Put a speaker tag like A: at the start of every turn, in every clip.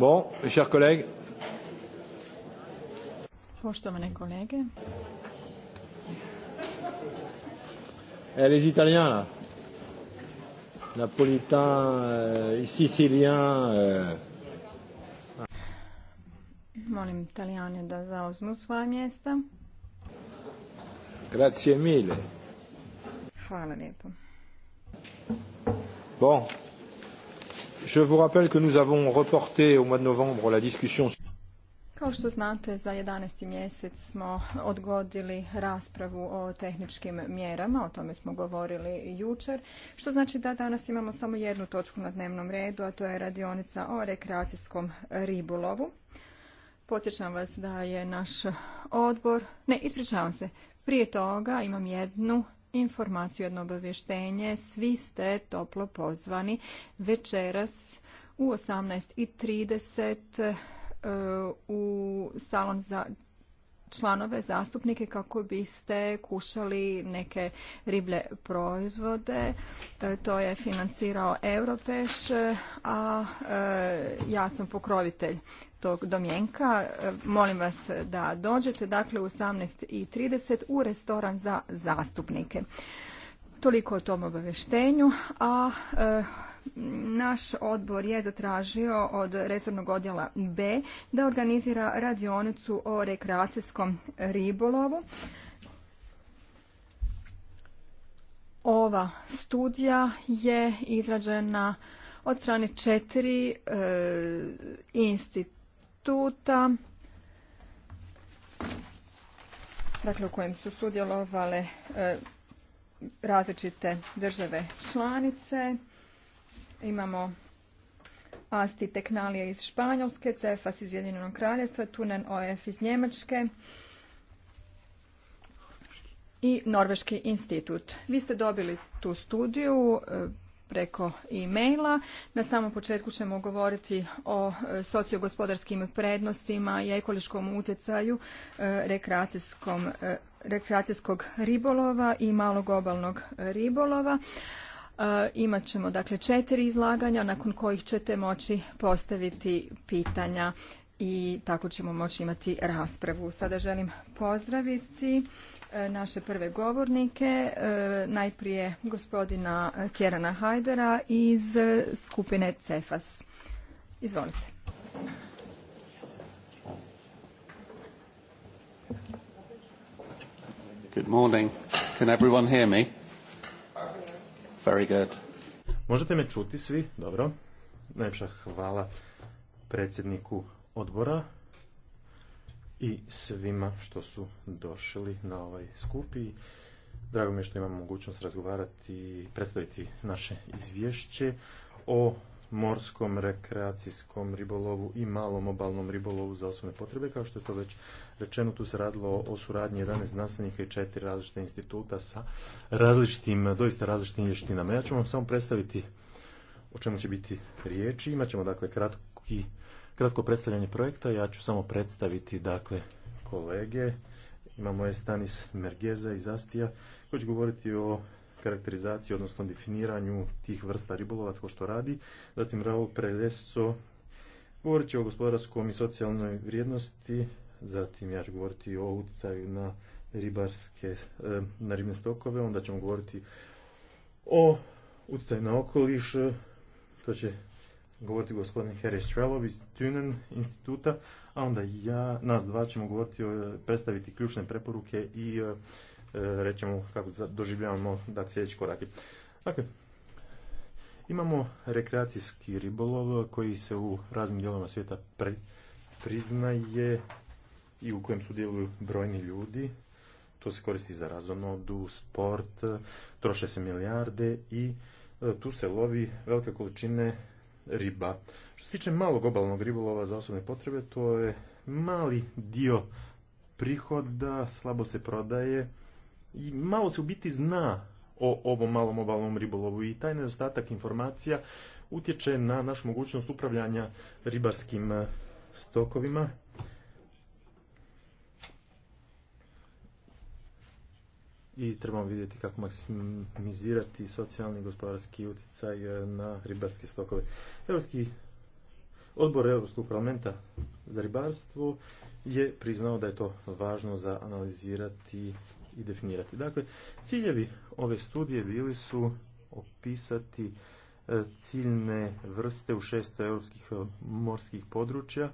A: Bon, mes chers collègues.
B: Poštovane kolege.
C: Et eh, les Italiens, là. Napolitain, euh, Sicilien. Euh...
B: Molim Italijane da zauzmu svoje mjesta.
C: Grazie mille.
B: Hvala lijepo.
C: Bon, je vous rappelle que nous avons reporté au mois de novembre la discussion
B: kao što znate, za 11. mjesec smo odgodili raspravu o tehničkim mjerama, o tome smo govorili jučer, što znači da danas imamo samo jednu točku na dnevnom redu, a to je radionica o rekreacijskom ribolovu. Podsjećam vas da je naš odbor, ne, ispričavam se, prije toga imam jednu informaciju, jedno obavještenje. Svi ste toplo pozvani večeras u 18.30 e, u salon za članove zastupnike kako biste kušali neke riblje proizvode. E, to je financirao Europeš, a e, ja sam pokrovitelj tog domjenka. E, molim vas da dođete, dakle u 18.30 u restoran za zastupnike. Toliko o tom obaveštenju, a e, naš odbor je zatražio od resornog odjela B da organizira radionicu o rekreacijskom ribolovu. Ova studija je izrađena od strane četiri e, instituta, dakle u kojem su sudjelovale e, različite države članice. Imamo Asti Teknalije iz Španjolske, Cefas iz Vjedinjenog kraljestva, Tunen OF iz Njemačke i Norveški institut. Vi ste dobili tu studiju, e, preko e-maila. Na samom početku ćemo govoriti o e, sociogospodarskim prednostima i ekološkom utjecaju e, e, rekreacijskog ribolova i malog obalnog ribolova. Imat ćemo dakle četiri izlaganja nakon kojih ćete moći postaviti pitanja i tako ćemo moći imati raspravu. Sada želim pozdraviti E, naše prve govornike, e, najprije gospodina e, Kjerana Hajdera iz skupine CEFAS. Izvolite.
A: Good morning. Can everyone hear me? Very good.
C: Možete me čuti svi? Dobro. Najpša hvala predsjedniku odbora i svima što su došli na ovaj skup drago mi je što imamo mogućnost razgovarati i predstaviti naše izvješće o morskom rekreacijskom ribolovu i malom obalnom ribolovu za osobne potrebe. Kao što je to već rečeno, tu se radilo o suradnji 11 znanstvenika i četiri različita instituta sa različitim, doista različitim vještinama. Ja ću vam samo predstaviti o čemu će biti riječi. Imaćemo dakle kratki kratko predstavljanje projekta. Ja ću samo predstaviti dakle kolege. Imamo je Stanis Mergeza iz Astija koji će govoriti o karakterizaciji, odnosno definiranju tih vrsta ribolova, tko što radi. Zatim Raul Preleso govorit će o gospodarskom i socijalnoj vrijednosti. Zatim ja ću govoriti o utjecaju na ribarske, e, na ribne stokove. Onda ćemo govoriti o utjecaju na okoliš. To će govoriti gospodin Here's Trelov iz Tunen instituta, a onda ja, nas dva ćemo govoriti, predstaviti ključne preporuke i e, rećemo kako doživljavamo da sljedeći je. Dakle, imamo rekreacijski ribolov koji se u raznim dijelovima svijeta priznaje i u kojem sudjeluju brojni ljudi. To se koristi za razonodu, sport, troše se milijarde i e, tu se lovi velike količine riba. Što se tiče malog obalnog ribolova za osobne potrebe, to je mali dio prihoda, slabo se prodaje i malo se u biti zna o ovom malom obalnom ribolovu i taj nedostatak informacija utječe na našu mogućnost upravljanja ribarskim stokovima i trebamo vidjeti kako maksimizirati socijalni i gospodarski utjecaj eh, na ribarske stokove. Europski odbor Europskog parlamenta za ribarstvo je priznao da je to važno za analizirati i definirati. Dakle, ciljevi ove studije bili su opisati eh, ciljne vrste u šesto europskih eh, morskih područja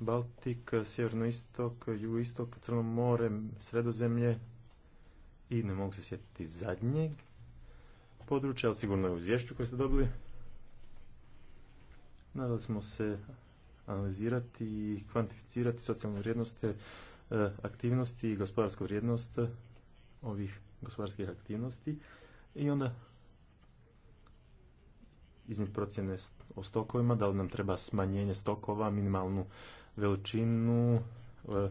C: Baltik, sjevernoistok, jugoistok, Crno more, sredozemlje i ne mogu se sjetiti zadnjeg područja, ali sigurno je u izvješću koje ste dobili. Nadali smo se analizirati i kvantificirati socijalne vrijednosti, e, aktivnosti i gospodarsku vrijednost ovih gospodarskih aktivnosti i onda iznijeti procjene o stokovima, da li nam treba smanjenje stokova, minimalnu veličinu, e,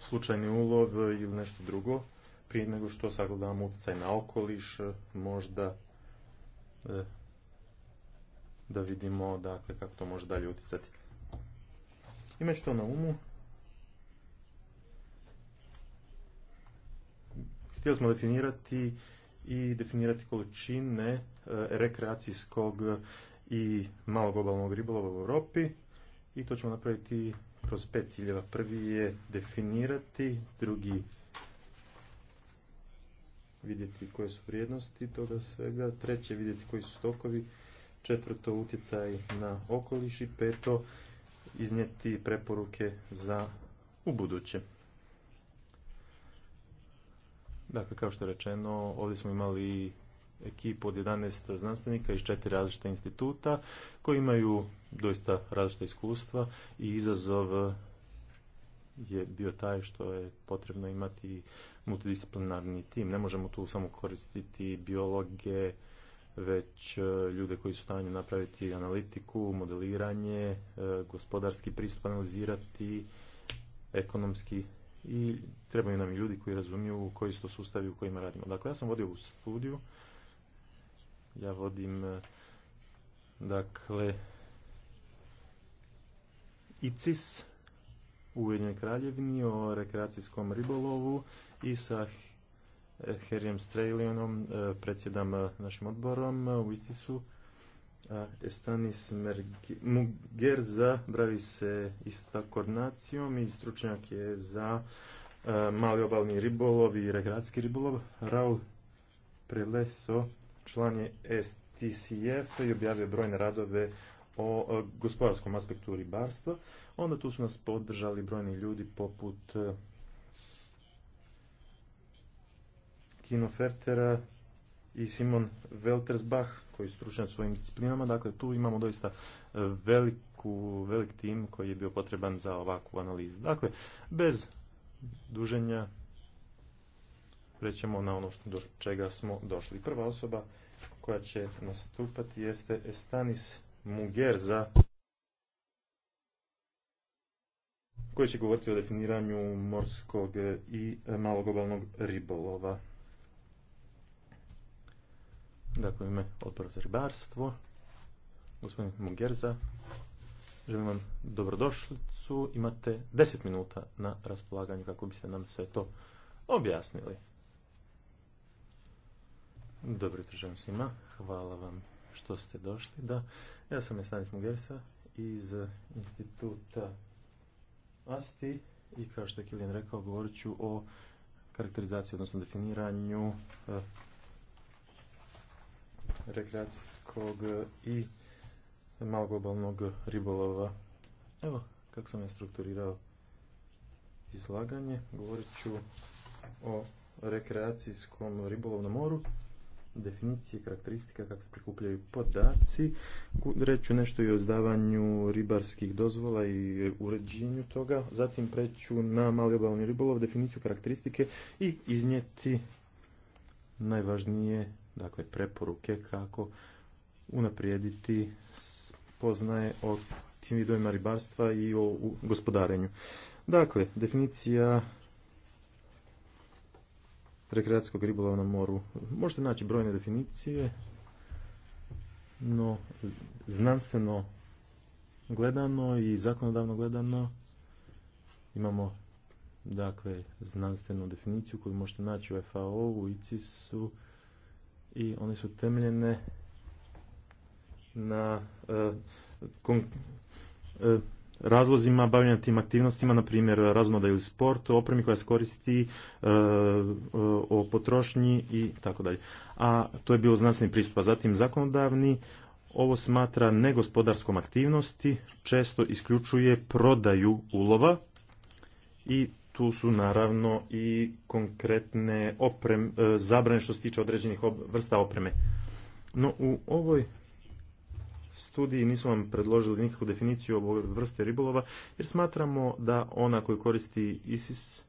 C: slučajni ulov ili nešto drugo, prije nego što sagledamo utjecaj na okoliš, možda e, da vidimo dakle, kako to može dalje utjecati. Imajući to na umu, htjeli smo definirati i definirati količine e, rekreacijskog i malog globalnog ribolova u Europi i to ćemo napraviti kroz pet ciljeva. Prvi je definirati, drugi vidjeti koje su vrijednosti toga svega, treće vidjeti koji su stokovi, četvrto utjecaj na okoliš i peto iznijeti preporuke za ubuduće. Dakle, kao što je rečeno, ovdje smo imali ekipu od 11 znanstvenika iz četiri različita instituta koji imaju doista različita iskustva i izazov je bio taj što je potrebno imati multidisciplinarni tim. Ne možemo tu samo koristiti biologe, već e, ljude koji su stanju napraviti analitiku, modeliranje, e, gospodarski pristup analizirati, ekonomski i trebaju nam ljudi koji razumiju koji su to sustavi u kojima radimo. Dakle, ja sam vodio u studiju ja vodim e, dakle ICIS u Ujedinjenoj kraljevini o rekreacijskom ribolovu i sa Herijem Strelionom e, predsjedam e, našim odborom u ICIS-u Estanis Muger za bravi se isto tako koordinacijom i stručnjak je za mali obalni ribolov i rekreacijski ribolov Raul Preleso član je STCF i objavio brojne radove o e, gospodarskom aspektu ribarstva. Onda tu su nas podržali brojni ljudi poput e, Kino Fertera i Simon Weltersbach koji je u svojim disciplinama. Dakle, tu imamo doista e, veliku, velik tim koji je bio potreban za ovakvu analizu. Dakle, bez duženja prećemo na ono što, do čega smo došli. Prva osoba koja će nastupati jeste Estanis Mugerza koji će govoriti o definiranju morskog i malogobalnog ribolova. Dakle, ime odbor za ribarstvo, gospodin Mugerza, želim vam dobrodošlicu, imate 10 minuta na raspolaganju kako biste nam sve to objasnili. Dobro jutro svima. Hvala vam što ste došli. Da, ja sam Estanis Mugersa iz instituta ASTI i kao što je Kilijan rekao, govorit ću o karakterizaciji, odnosno definiranju eh, rekreacijskog i malogobalnog ribolova. Evo, kako sam je strukturirao izlaganje, govorit ću o rekreacijskom ribolovnom moru definicije, karakteristika, kako se prikupljaju podaci. Reću nešto i o izdavanju ribarskih dozvola i uređenju toga. Zatim preću na mali obalni ribolov, definiciju karakteristike i iznijeti najvažnije dakle, preporuke kako unaprijediti poznaje o tim vidovima ribarstva i o gospodarenju. Dakle, definicija rekreacijskog ribolova na moru. Možete naći brojne definicije, no znanstveno gledano i zakonodavno gledano imamo dakle znanstvenu definiciju koju možete naći u FAO, u ICIS-u i one su temeljene na e, razlozima bavljanja tim aktivnostima, na primjer razmoda ili sport, opremi koja se koristi, e, e, o potrošnji i tako dalje. A to je bilo znanstveni pristup, a zatim zakonodavni, ovo smatra negospodarskom aktivnosti, često isključuje prodaju ulova i tu su naravno i konkretne oprem, e, zabrane što se tiče određenih vrsta opreme. No u ovoj studiji nismo vam predložili nikakvu definiciju ovog vrste ribolova, jer smatramo da ona koju koristi ISIS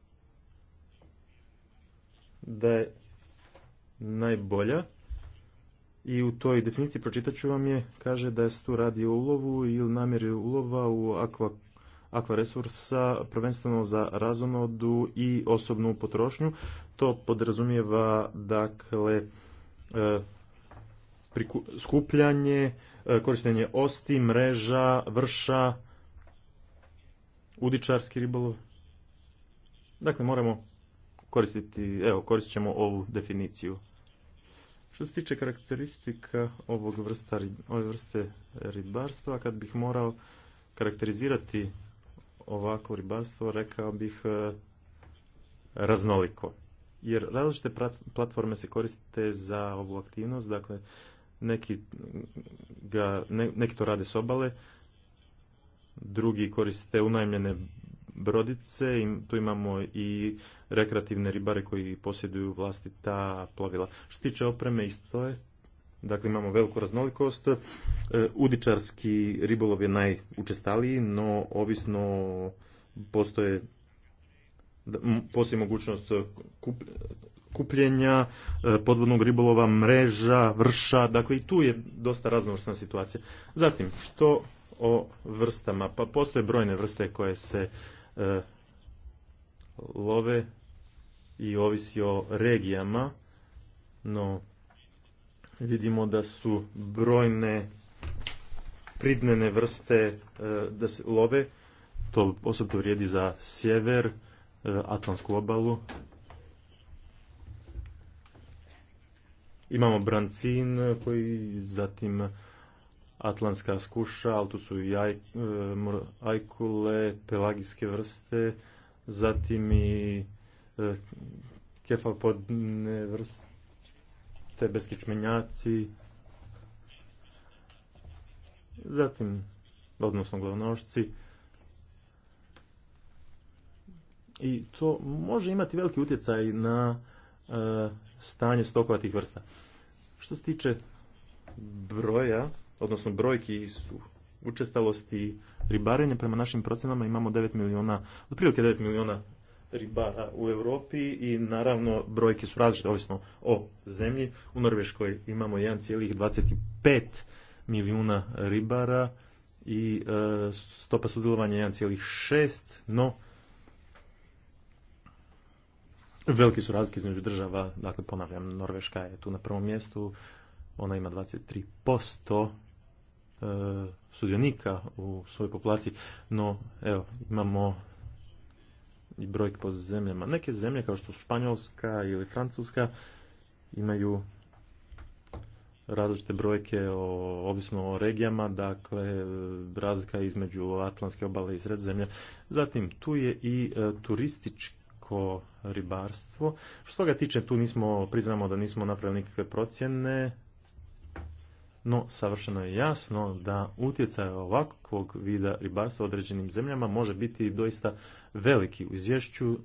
C: da je najbolja. I u toj definiciji pročitat ću vam je, kaže da se tu radi o ulovu ili namjeri ulova u akva, akva resursa, prvenstveno za razonodu i osobnu potrošnju. To podrazumijeva dakle, e, skupljanje, E, korištenje osti, mreža, vrša, udičarski ribolov. Dakle, moramo koristiti, evo, koristit ćemo ovu definiciju. Što se tiče karakteristika ovog vrsta, ove vrste ribarstva, kad bih morao karakterizirati ovako ribarstvo, rekao bih e, raznoliko. Jer različite platforme se koriste za ovu aktivnost, dakle neki, ga, neki to rade s obale, drugi koriste unajmljene brodice, i tu imamo i rekreativne ribare koji posjeduju vlastita plovila. Što se tiče opreme, isto je. Dakle, imamo veliku raznolikost. E, udičarski ribolov je najučestaliji, no ovisno postoje postoji mogućnost kupljenja, e, podvodnog ribolova, mreža, vrša, dakle i tu je dosta raznovrsna situacija. Zatim, što o vrstama? Pa postoje brojne vrste koje se e, love i ovisi o regijama, no vidimo da su brojne pridnene vrste e, da se love, to osobito vrijedi za sjever, e, Atlantsku obalu, Imamo brancin koji zatim atlantska skuša, ali tu su i e, ajkule, pelagijske vrste, zatim i e, kefalpodne vrste, beskičmenjaci, zatim, odnosno glavnošci. I to može imati veliki utjecaj na e, stanje stokova tih vrsta. Što se tiče broja, odnosno brojki su učestalosti ribarenja, prema našim procenama imamo 9 milijuna, otprilike 9 milijuna ribara u Europi i naravno brojke su različite, ovisno o zemlji. U Norveškoj imamo 1,25 milijuna ribara i e, stopa sudjelovanja 1,6, no Veliki su razlike između država, dakle ponavljam, Norveška je tu na prvom mjestu, ona ima 23% e, sudionika u svojoj populaciji, no evo, imamo i brojke po zemljama. Neke zemlje kao što su Španjolska ili Francuska imaju različite brojke o, ovisno o regijama, dakle razlika između Atlantske obale i zemlje. Zatim tu je i e, turistički morsko ribarstvo. Što ga tiče, tu nismo, priznamo da nismo napravili nikakve procjene, no savršeno je jasno da utjecaj ovakvog vida ribarstva u određenim zemljama može biti doista veliki. U izvješću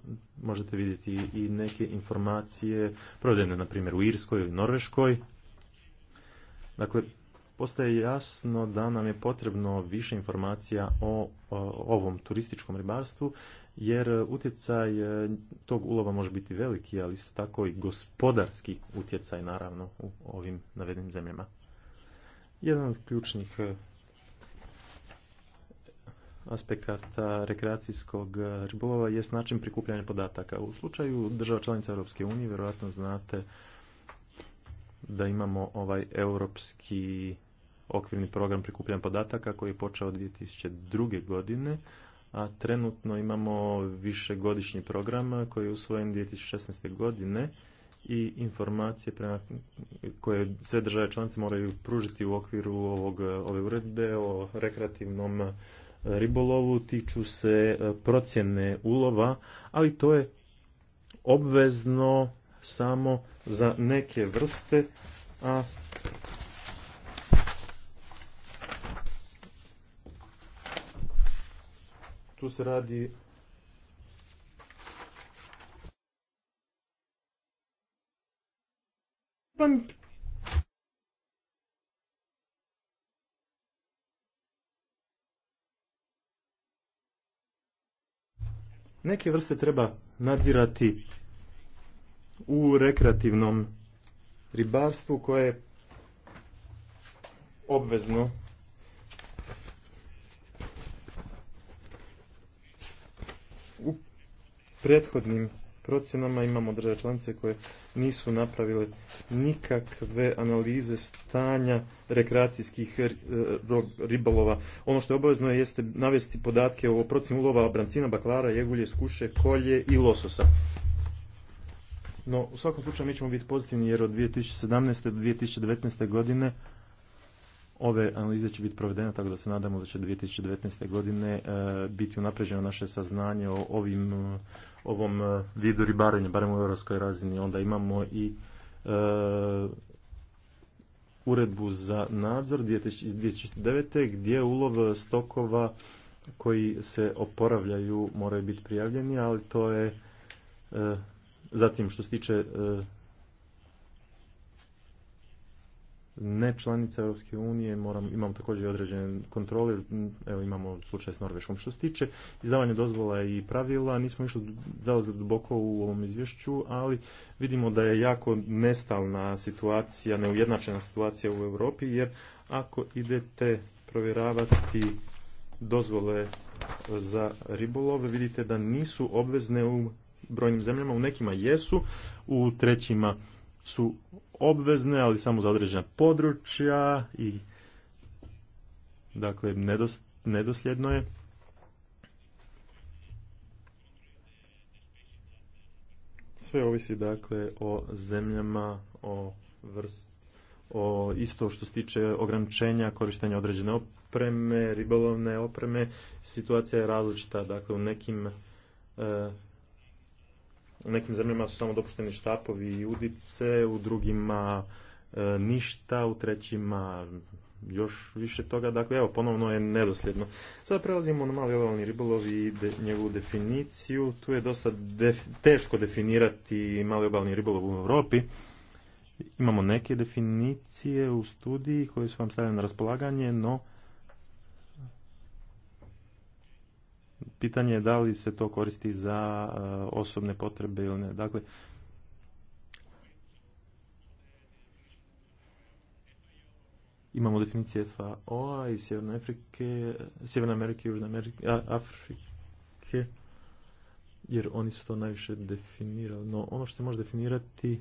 C: možete vidjeti i neke informacije provedene, na primjer, u Irskoj ili Norveškoj. Dakle, postaje jasno da nam je potrebno više informacija o ovom turističkom ribarstvu jer e, utjecaj e, tog ulova može biti veliki, ali isto tako i gospodarski utjecaj naravno u ovim navedenim zemljama. Jedan od ključnih e, aspekata rekreacijskog ribolova je način prikupljanja podataka. U slučaju država članica Europske unije vjerojatno znate da imamo ovaj europski okvirni program prikupljanja podataka koji je počeo 2002. godine a trenutno imamo višegodišnji program koji je usvojen 2016. godine i informacije prema koje sve države članice moraju pružiti u okviru ovog, ove uredbe o rekreativnom ribolovu tiču se e, procjene ulova, ali to je obvezno samo za neke vrste, a Tu se radi Neke vrste treba nadzirati u rekreativnom ribarstvu koje je obvezno prethodnim procjenama imamo države članice koje nisu napravile nikakve analize stanja rekreacijskih e, ribolova. Ono što je obavezno jeste navesti podatke o procjenu ulova brancina, baklara, jegulje, skuše, kolje i lososa. No, u svakom slučaju mi ćemo biti pozitivni jer od 2017. do 2019. godine ove analize će biti provedene, tako da se nadamo da će 2019. godine e, biti unapređeno naše saznanje o ovim ovom e, vidu ribarenja, barem u europskoj razini, onda imamo i e, uredbu za nadzor 2009. gdje ulov stokova koji se oporavljaju moraju biti prijavljeni, ali to je e, zatim što se tiče ne članica Europske unije, moram, imamo također određene kontrole, evo imamo slučaj s Norveškom. Što se tiče izdavanja dozvola i pravila, nismo išli za duboko u ovom izvješću, ali vidimo da je jako nestalna situacija, neujednačena situacija u Europi, jer ako idete provjeravati dozvole za ribolov, vidite da nisu obvezne u brojnim zemljama, u nekima jesu, u trećima su obvezne, ali samo za određena područja i dakle nedos, nedosljedno je. Sve ovisi dakle o zemljama, o vrst, o isto što se tiče ograničenja korištenja određene opreme, ribolovne opreme, situacija je različita, dakle u nekim e, u nekim zemljama su samo dopušteni štapovi i udice, u drugima e, ništa, u trećima još više toga. Dakle, evo, ponovno je nedosljedno. Sada prelazimo na mali obalni ribolov i njegovu definiciju. Tu je dosta teško definirati mali obalni ribolov u Europi. Imamo neke definicije u studiji koje su vam stavljene na raspolaganje, no pitanje je da li se to koristi za e, osobne potrebe ili ne. Dakle, imamo definicije FAO-a iz Sjeverne Afrike, Sjeverne Amerike, Južne Amerike, Afrike, jer oni su to najviše definirali. No, ono što se može definirati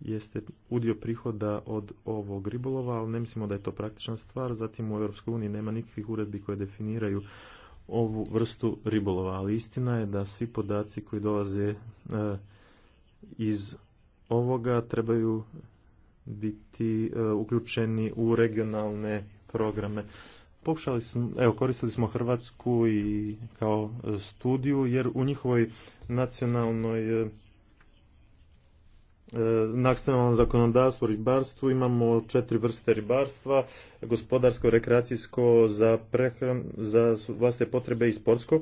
C: jeste udio prihoda od ovog ribolova, ali ne mislimo da je to praktična stvar. Zatim u EU nema nikakvih uredbi koje definiraju ovu vrstu ribolova, ali istina je da svi podaci koji dolaze e, iz ovoga trebaju biti e, uključeni u regionalne programe. Pokušali smo, evo, koristili smo Hrvatsku i kao e, studiju, jer u njihovoj nacionalnoj E, nacionalnom zakonodavstvu ribarstvu imamo četiri vrste ribarstva, gospodarsko, rekreacijsko, za, prehran, za vlastite potrebe i sportsko.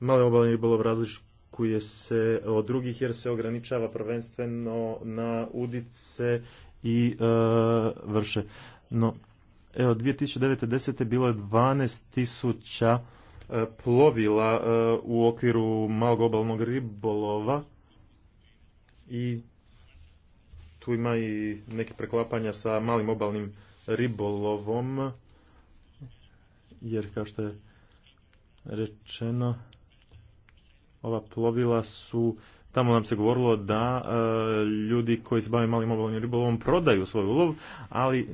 C: Mali obalni ribolov razlikuje se od drugih jer se ograničava prvenstveno na udice i e, vrše. No, evo, 2009. 10. bilo je 12 tisuća E, plovila e, u okviru malog obalnog ribolova i tu ima i neke preklapanja sa malim obalnim ribolovom jer kao što je rečeno ova plovila su tamo nam se govorilo da e, ljudi koji se bave malim obalnim ribolovom prodaju svoj ulov, ali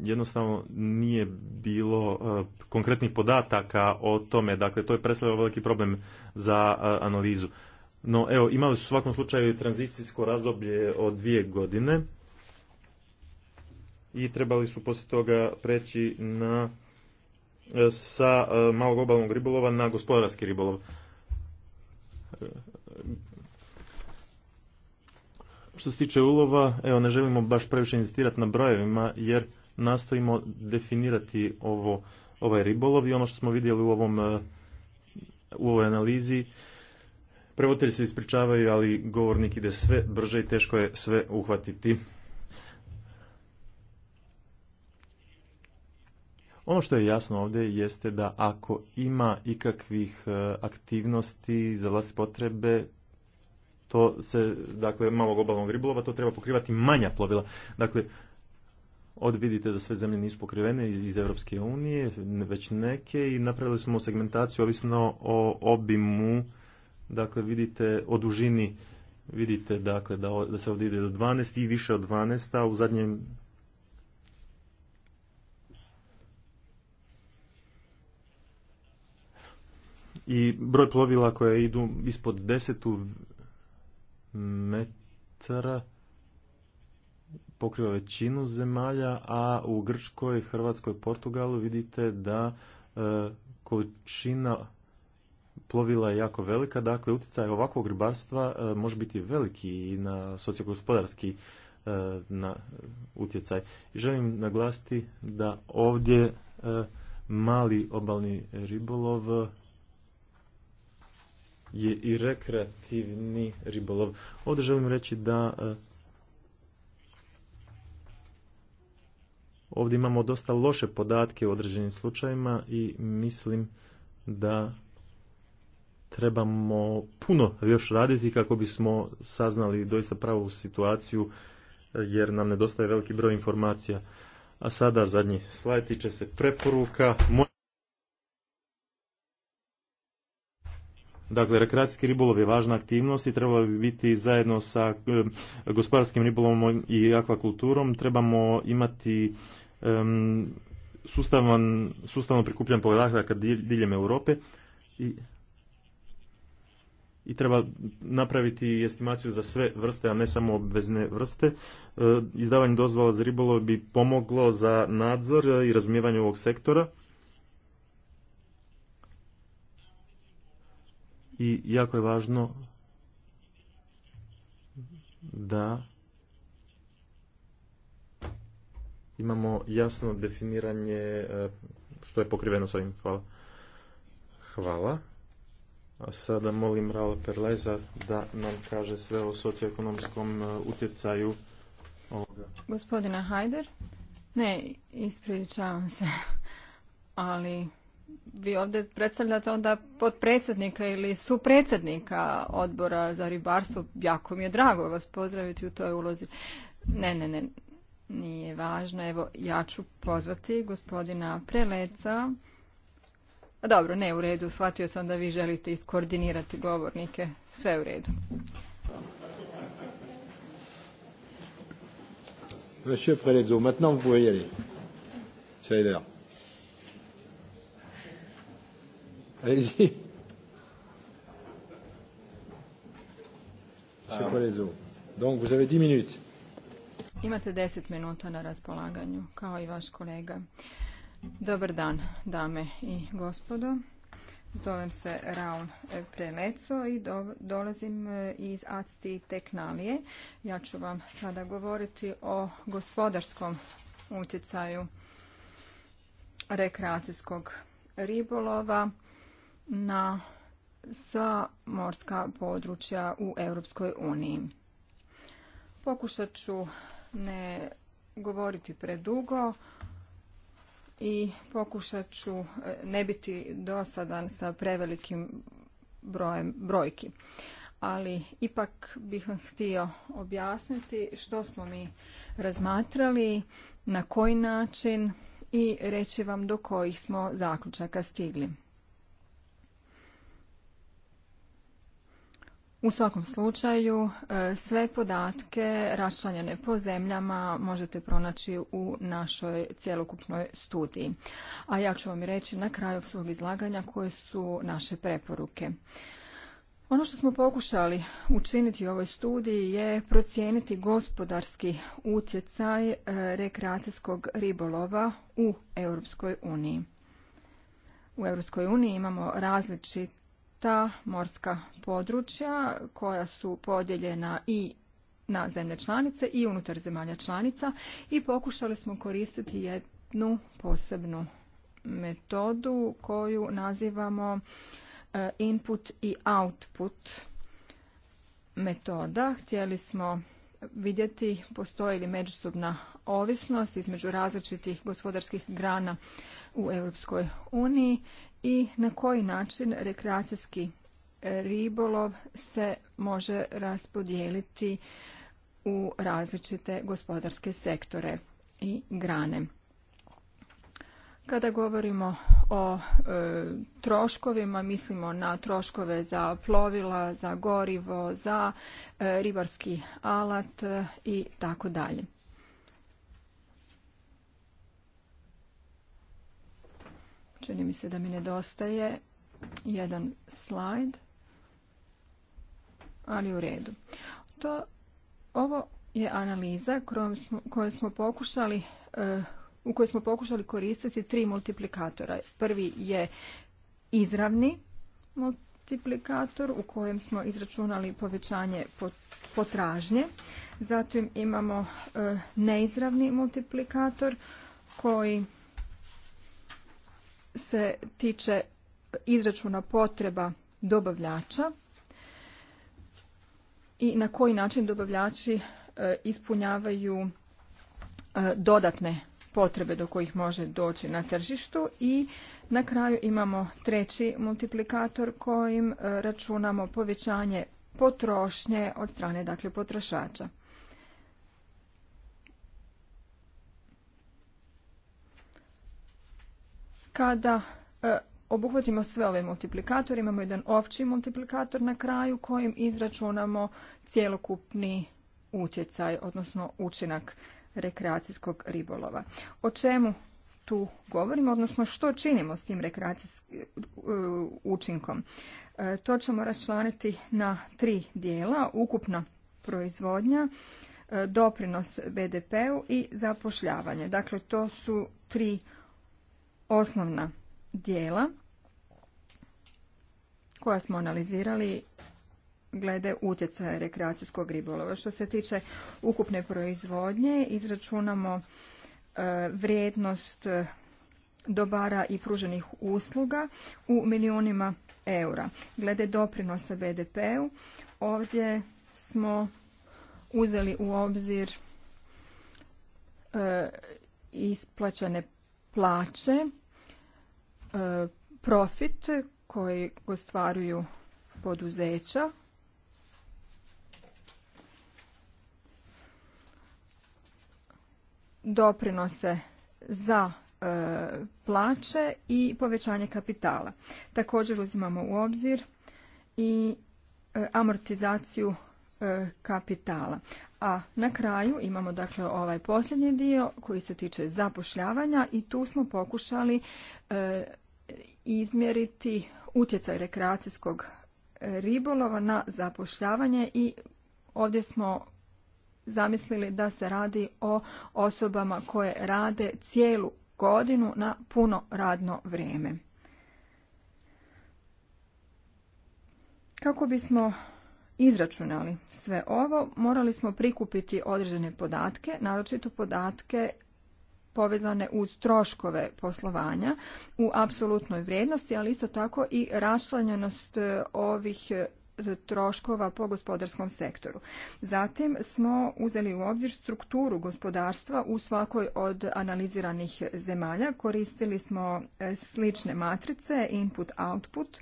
C: jednostavno nije bilo e, konkretnih podataka o tome, dakle to je predstavljalo veliki problem za e, analizu. No evo, imali su u svakom slučaju tranzicijsko razdoblje od dvije godine i trebali su poslije toga preći na e, sa malog obalnog ribolova na gospodarski ribolov. Što se tiče ulova, evo ne želimo baš previše inzistirati na brojevima jer nastojimo definirati ovo, ovaj ribolov i ono što smo vidjeli u ovom eh, u ovoj analizi Prevoditelji se ispričavaju, ali govornik ide sve brže i teško je sve uhvatiti. Ono što je jasno ovdje jeste da ako ima ikakvih eh, aktivnosti za vlastite potrebe, to se, dakle, malog obalnog ribolova, to treba pokrivati manja plovila. Dakle, od vidite da sve zemlje nisu pokrivene iz Europske unije, već neke i napravili smo segmentaciju ovisno o obimu, dakle vidite o dužini, vidite dakle da, da se ovdje ide do 12 i više od 12, a u zadnjem i broj plovila koje idu ispod 10 metara pokriva većinu zemalja, a u Grčkoj, Hrvatskoj, Portugalu vidite da e, količina plovila je jako velika, dakle utjecaj ovakvog ribarstva e, može biti veliki i na sociogospodarski e, na utjecaj. Želim naglasiti da ovdje e, mali obalni ribolov je i rekreativni ribolov. Ovdje želim reći da e, ovdje imamo dosta loše podatke u određenim slučajima i mislim da trebamo puno još raditi kako bismo saznali doista pravu situaciju jer nam nedostaje veliki broj informacija. A sada zadnji slajd tiče se preporuka. Dakle, rekreacijski ribolov je važna aktivnost i treba bi biti zajedno sa eh, gospodarskim ribolovom i akvakulturom. Trebamo imati um, sustavan, sustavno prikupljan podataka diljem Europe i i treba napraviti estimaciju za sve vrste, a ne samo obvezne vrste. E, izdavanje dozvola za ribolov bi pomoglo za nadzor i razumijevanje ovog sektora. I jako je važno da imamo jasno definiranje eh, što je pokriveno s ovim. Hvala. Hvala. A sada molim Rala Perleza da nam kaže sve o socioekonomskom eh, utjecaju ovoga.
B: Gospodina Hajder? Ne, ispričavam se. Ali vi ovdje predstavljate onda potpredsjednika ili supredsjednika odbora za ribarstvo. Jako mi je drago vas pozdraviti u toj ulozi. Ne, ne, ne, nije važno. Evo, ja ću pozvati gospodina Preleca. Dobro, ne u redu, shvatio sam da vi želite iskoordinirati govornike. Sve u redu.
C: Monsieur Prelezzo, maintenant vous pouvez y aller. C'est y Allez-y. Monsieur ah. Prelezzo, donc vous avez 10 minutes.
B: Imate deset minuta na raspolaganju, kao i vaš kolega. Dobar dan, dame i gospodo. Zovem se Raun Preleco i dolazim e, iz Acti Teknalije. Ja ću vam sada govoriti o gospodarskom utjecaju rekreacijskog ribolova na sva morska područja u Europskoj uniji. Pokušat ću ne govoriti predugo i pokušat ću e, ne biti dosadan sa prevelikim brojem brojki. Ali ipak bih vam htio objasniti što smo mi razmatrali, na koji način i reći vam do kojih smo zaključaka stigli. U svakom slučaju, e, sve podatke raščlanjene po zemljama možete pronaći u našoj cjelokupnoj studiji. A ja ću vam reći na kraju svog izlaganja koje su naše preporuke. Ono što smo pokušali učiniti u ovoj studiji je procijeniti gospodarski utjecaj e, rekreacijskog ribolova u EU. uniji. U EU uniji imamo različit ta morska područja koja su podijeljena i na zemlje članice i unutar zemalja članica i pokušali smo koristiti jednu posebnu metodu koju nazivamo e, input i output metoda. Htjeli smo vidjeti postoji li međusobna ovisnost između različitih gospodarskih grana u Europskoj uniji i na koji način rekreacijski e, ribolov se može raspodijeliti u različite gospodarske sektore i grane. Kada govorimo o e, troškovima, mislimo na troškove za plovila, za gorivo, za e, ribarski alat i tako dalje. Čini mi se da mi nedostaje jedan slajd, ali u redu. To, ovo je analiza koju smo pokušali eh, u kojoj smo pokušali koristiti tri multiplikatora. Prvi je izravni multiplikator u kojem smo izračunali povećanje potražnje. Zatim imamo eh, neizravni multiplikator koji se tiče izračuna potreba dobavljača i na koji način dobavljači e, ispunjavaju e, dodatne potrebe do kojih može doći na tržištu i na kraju imamo treći multiplikator kojim e, računamo povećanje potrošnje od strane dakle, potrošača. Kada e, obuhvatimo sve ove multiplikatore, imamo jedan opći multiplikator na kraju kojim izračunamo cjelokupni utjecaj, odnosno učinak rekreacijskog ribolova. O čemu tu govorimo, odnosno što činimo s tim rekreacijskim e, učinkom? E, to ćemo raščlaniti na tri dijela, ukupna proizvodnja, doprinos BDP-u i zapošljavanje. Dakle, to su tri osnovna dijela koja smo analizirali glede utjecaja rekreacijskog ribolova. Što se tiče ukupne proizvodnje, izračunamo e, vrijednost e, dobara i pruženih usluga u milijunima eura. Glede doprinosa BDP-u, ovdje smo uzeli u obzir e, isplaćene plaće, e, profit koji ostvaruju poduzeća, doprinose za e, plaće i povećanje kapitala. Također uzimamo u obzir i e, amortizaciju kapitala. A na kraju imamo dakle ovaj posljednji dio koji se tiče zapošljavanja i tu smo pokušali e, izmjeriti utjecaj rekreacijskog ribolova na zapošljavanje i ovdje smo zamislili da se radi o osobama koje rade cijelu godinu na puno radno vrijeme. Kako bismo izračunali sve ovo, morali smo prikupiti određene podatke, naročito podatke povezane uz troškove poslovanja u apsolutnoj vrijednosti, ali isto tako i rašlanjenost eh, ovih troškova po gospodarskom sektoru. Zatim smo uzeli u obzir strukturu gospodarstva u svakoj od analiziranih zemalja. Koristili smo e, slične matrice, input-output, e,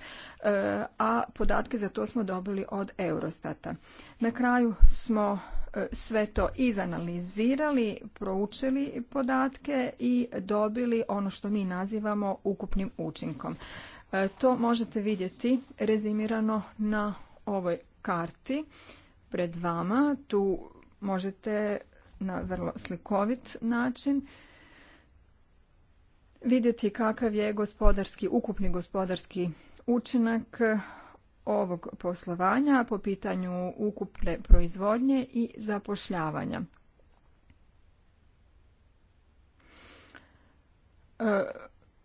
B: a podatke za to smo dobili od Eurostata. Na kraju smo e, sve to izanalizirali, proučili podatke i dobili ono što mi nazivamo ukupnim učinkom. E, to možete vidjeti rezimirano na ovoj karti pred vama. Tu možete na vrlo slikovit način vidjeti kakav je gospodarski, ukupni gospodarski učinak ovog poslovanja po pitanju ukupne proizvodnje i zapošljavanja. E,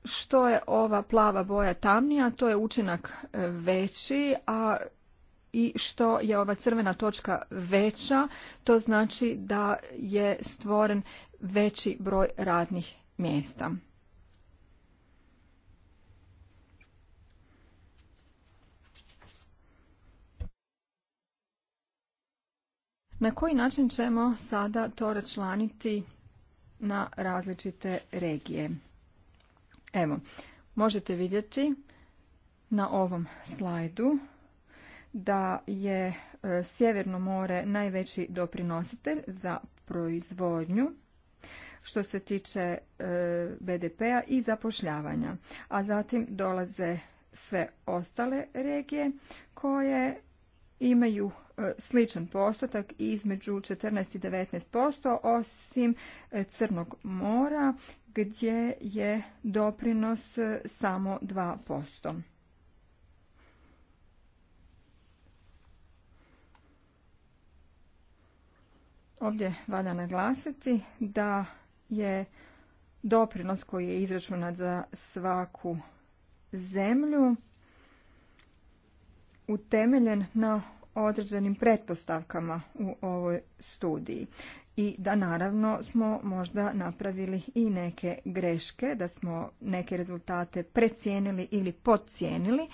B: što je ova plava boja tamnija, to je učinak e, veći, a i što je ova crvena točka veća, to znači da je stvoren veći broj radnih mjesta. Na koji način ćemo sada to račlaniti na različite regije? Evo, možete vidjeti na ovom slajdu da je e, Sjeverno more najveći doprinositelj za proizvodnju što se tiče e, BDP-a i zapošljavanja. A zatim dolaze sve ostale regije koje imaju e, sličan postotak između 14 i 19%, osim Crnog mora gdje je doprinos samo 2%. Ovdje valja naglasiti da je doprinos koji je izračunat za svaku zemlju utemeljen na određenim pretpostavkama u ovoj studiji i da naravno smo možda napravili i neke greške, da smo neke rezultate precijenili ili podcijenili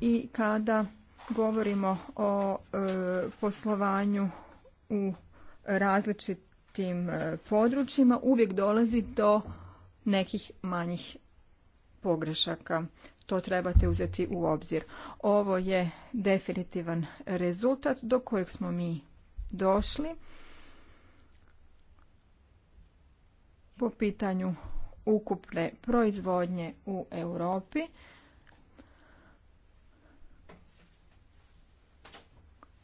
B: i kada govorimo o e, poslovanju u različitim e, područjima uvijek dolazi do nekih manjih pogrešaka. To trebate uzeti u obzir. Ovo je definitivan rezultat do kojeg smo mi došli. po pitanju ukupne proizvodnje u Europi.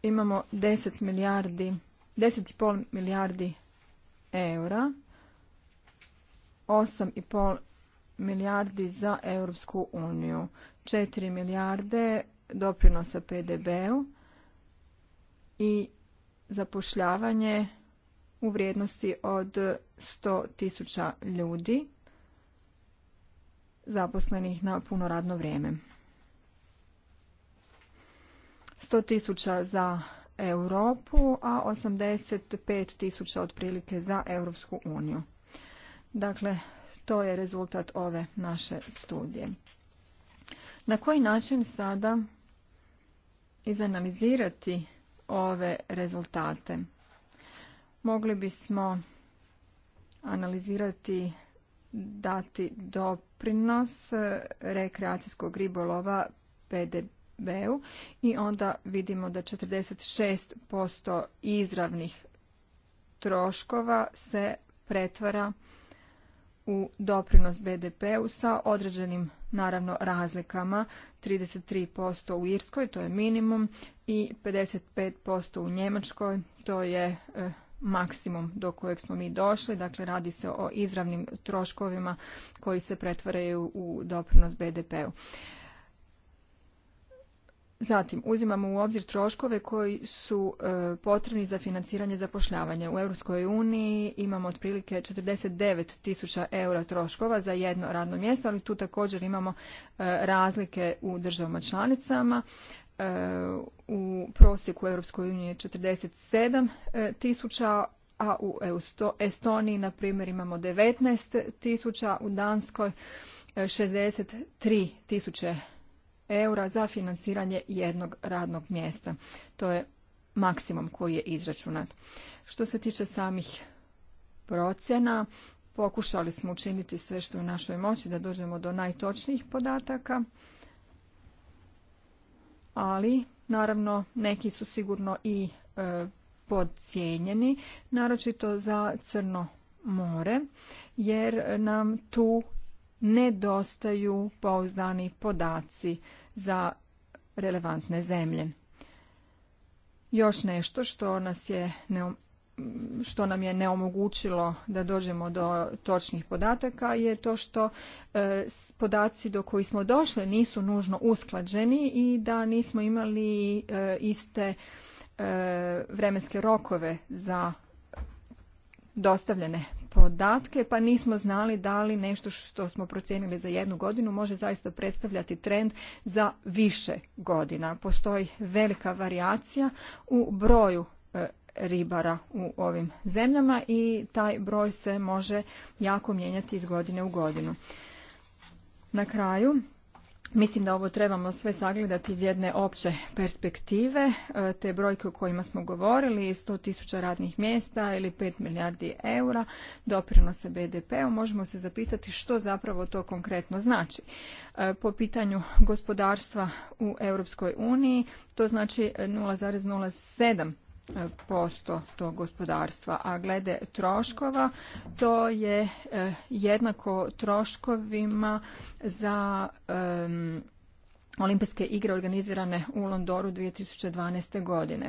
B: Imamo 10 milijardi, 10,5 milijardi eura, 8,5 milijardi za Europsku uniju, 4 milijarde doprinosa PDB-u i zapošljavanje u vrijednosti od 100.000 ljudi zaposlenih na puno radno vrijeme. 100.000 za Europu, a 85.000 otprilike za Europsku uniju. Dakle, to je rezultat ove naše studije. Na koji način sada izanalizirati ove rezultate? mogli bismo analizirati dati doprinos e, rekreacijskog ribolova PDB-u i onda vidimo da 46% izravnih troškova se pretvara u doprinos BDP-u sa određenim naravno razlikama 33% u Irskoj to je minimum i 55% u Njemačkoj to je e, maksimum do kojeg smo mi došli. Dakle, radi se o izravnim troškovima koji se pretvaraju u doprinos BDP-u. Zatim, uzimamo u obzir troškove koji su e, potrebni za financiranje zapošljavanja. U Europskoj uniji imamo otprilike 49 tisuća eura troškova za jedno radno mjesto, ali tu također imamo e, razlike u državama članicama u prosjeku Europskoj uniji je 47 e, tisuća, a u Estoniji, na primjer, imamo 19 tisuća, u Danskoj 63 e, tisuće eura za financiranje jednog radnog mjesta. To je maksimum koji je izračunat. Što se tiče samih procjena, pokušali smo učiniti sve što je u našoj moći da dođemo do najtočnijih podataka ali naravno neki su sigurno i e, podcijenjeni, naročito za Crno more, jer nam tu nedostaju pouzdani podaci za relevantne zemlje. Još nešto što nas je što nam je neomogućilo da dođemo do točnih podataka je to što e, podaci do koji smo došli nisu nužno usklađeni i da nismo imali e, iste e, vremenske rokove za dostavljene podatke pa nismo znali da li nešto što smo procijenili za jednu godinu može zaista predstavljati trend za više godina. Postoji velika varijacija u broju ribara u ovim zemljama i taj broj se može jako mijenjati iz godine u godinu. Na kraju, mislim da ovo trebamo sve sagledati iz jedne opće perspektive, e, te brojke o kojima smo govorili, sto tisuća radnih mjesta ili 5 milijardi eura doprinose BDP-u, možemo se zapitati što zapravo to konkretno znači. E, po pitanju gospodarstva u Europskoj uniji, to znači 0,07 posto tog gospodarstva. A glede troškova, to je e, jednako troškovima za olimpijske igre organizirane u Londoru 2012. godine.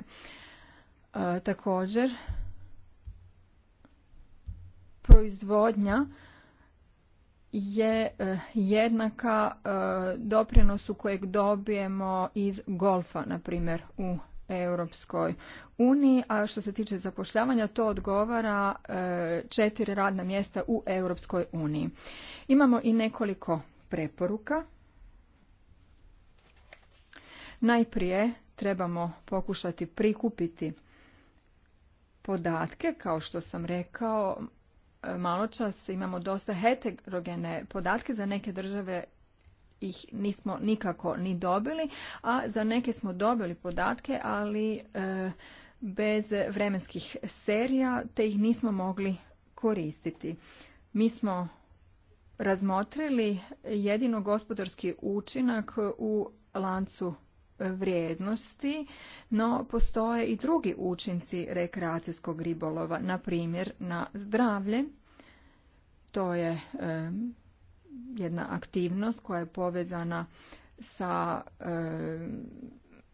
B: E, također, proizvodnja je e, jednaka doprinosu kojeg dobijemo iz golfa, na primjer, u Europskoj uniji, a što se tiče zapošljavanja to odgovara e, četiri radna mjesta u Europskoj uniji. Imamo i nekoliko preporuka. Najprije trebamo pokušati prikupiti podatke, kao što sam rekao, e, malo čas imamo dosta heterogene podatke za neke države ih nismo nikako ni dobili, a za neke smo dobili podatke, ali e, bez vremenskih serija te ih nismo mogli koristiti. Mi smo razmotrili jedino gospodarski učinak u lancu vrijednosti, no postoje i drugi učinci rekreacijskog ribolova, na primjer na zdravlje. To je e, jedna aktivnost koja je povezana sa eh,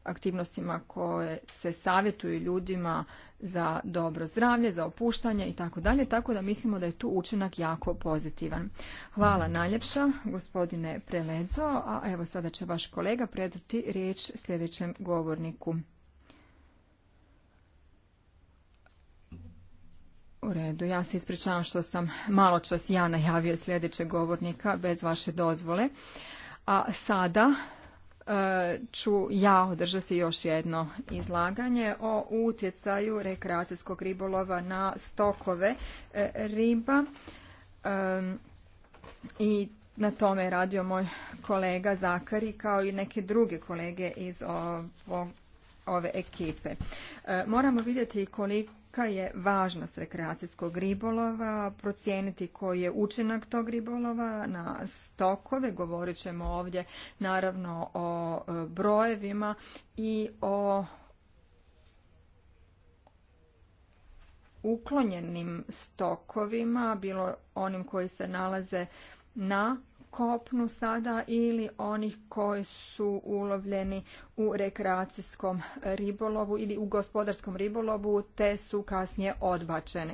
B: aktivnostima koje se savjetuju ljudima za dobro zdravlje, za opuštanje i tako dalje, tako da mislimo da je tu učinak jako pozitivan. Hvala najljepša, gospodine Prelezo, a evo sada će vaš kolega predati riječ sljedećem govorniku. U redu, ja se ispričavam što sam malo čas ja najavio sljedećeg govornika bez vaše dozvole. A sada e, ću ja održati još jedno izlaganje o utjecaju rekreacijskog ribolova na stokove e, riba. E, I na tome je radio moj kolega Zakari kao i neke druge kolege iz ove ekipe. Moramo vidjeti koliko je važnost rekreacijskog ribolova, procijeniti koji je učinak tog ribolova na stokove, govorit ćemo ovdje naravno o e, brojevima i o uklonjenim stokovima, bilo onim koji se nalaze na kopnu sada ili onih koji su ulovljeni u rekreacijskom ribolovu ili u gospodarskom ribolovu te su kasnije odbačeni.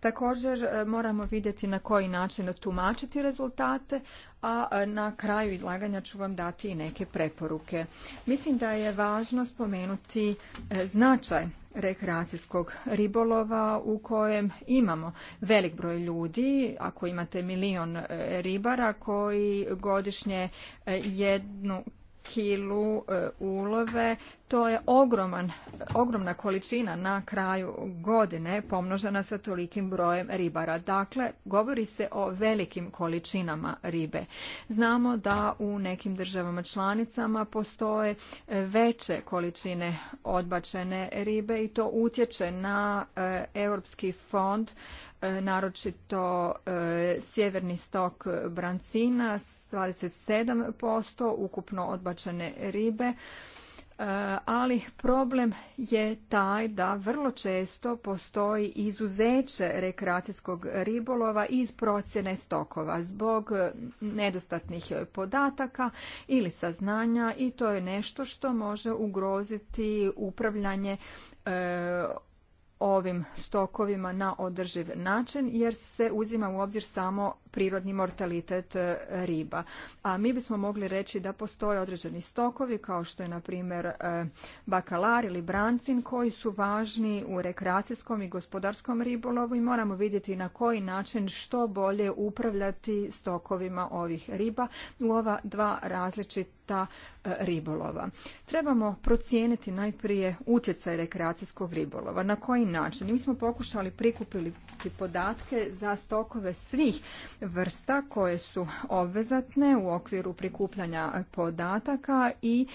B: Također e, moramo vidjeti na koji način tumačiti rezultate, a e, na kraju izlaganja ću vam dati i neke preporuke. Mislim da je važno spomenuti e, značaj rekreacijskog ribolova u kojem imamo velik broj ljudi, ako imate milion e, ribara koji godišnje e, jednu kilu e, ulove, to je ogroman, ogromna količina na kraju godine pomnožena sa tolikim brojem ribara. Dakle, govori se o velikim količinama ribe. Znamo da u nekim državama članicama postoje veće količine odbačene ribe i to utječe na e, Europski fond, e, naročito sjeverni stok brancina, 27% ukupno odbačene ribe e, ali problem je taj da vrlo često postoji izuzeće rekreacijskog ribolova iz procjene stokova zbog nedostatnih podataka ili saznanja i to je nešto što može ugroziti upravljanje e, ovim stokovima na održiv način jer se uzima u obzir samo prirodni mortalitet e, riba. A mi bismo mogli reći da postoje određeni stokovi kao što je na primjer e, bakalar ili brancin koji su važni u rekreacijskom i gospodarskom ribolovu i moramo vidjeti na koji način što bolje upravljati stokovima ovih riba u ova dva različita ta e, ribolova. Trebamo procijeniti najprije utjecaj rekreacijskog ribolova. Na koji način? Mi smo pokušali prikupiti podatke za stokove svih vrsta koje su obvezatne u okviru prikupljanja podataka i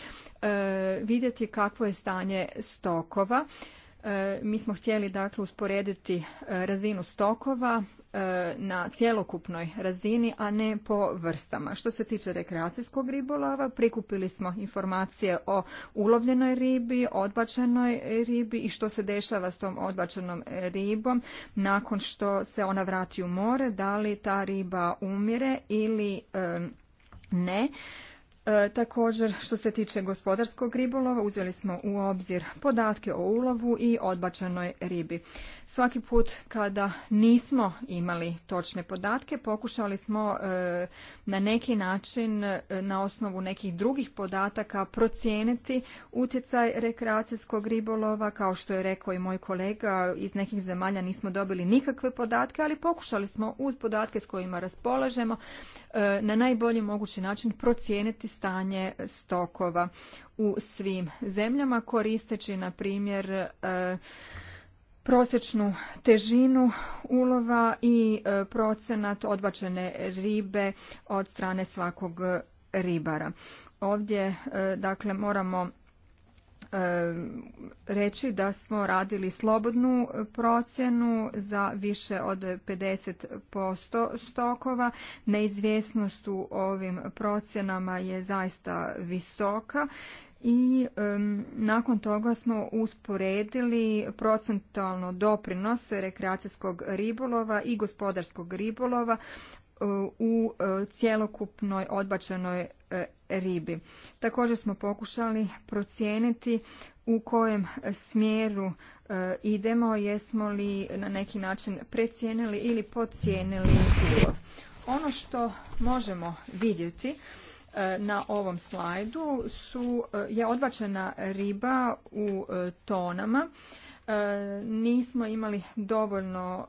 B: e, vidjeti kakvo je stanje stokova E, mi smo htjeli dakle usporediti e, razinu stokova e, na cjelokupnoj razini, a ne po vrstama. Što se tiče rekreacijskog ribolova, prikupili smo informacije o ulovljenoj ribi, odbačenoj ribi i što se dešava s tom odbačenom ribom nakon što se ona vrati u more, da li ta riba umire ili ne E, također, što se tiče gospodarskog ribolova, uzeli smo u obzir podatke o ulovu i odbačenoj ribi. Svaki put kada nismo imali točne podatke, pokušali smo e, na neki način e, na osnovu nekih drugih podataka procijeniti utjecaj rekreacijskog ribolova. Kao što je rekao i moj kolega, iz nekih zemalja nismo dobili nikakve podatke, ali pokušali smo uz podatke s kojima raspolažemo e, na najbolji mogući način procijeniti stanje stokova u svim zemljama koristeći na primjer prosječnu težinu ulova i e, procenat odbačene ribe od strane svakog ribara. Ovdje e, dakle moramo e, reći da smo radili slobodnu procjenu za više od 50% stokova. Neizvjesnost u ovim procjenama je zaista visoka i nakon toga smo usporedili procentalno doprinos rekreacijskog ribolova i gospodarskog ribolova eh, u eh, cjelokupnoj odbačenoj eh, ribi. Također smo pokušali procijeniti u kojem smjeru idemo, jesmo li na neki način precijenili ili podcijenili ulov. Ono što možemo vidjeti E, na ovom slajdu su, e, je odbačena riba u e, tonama. Nismo imali dovoljno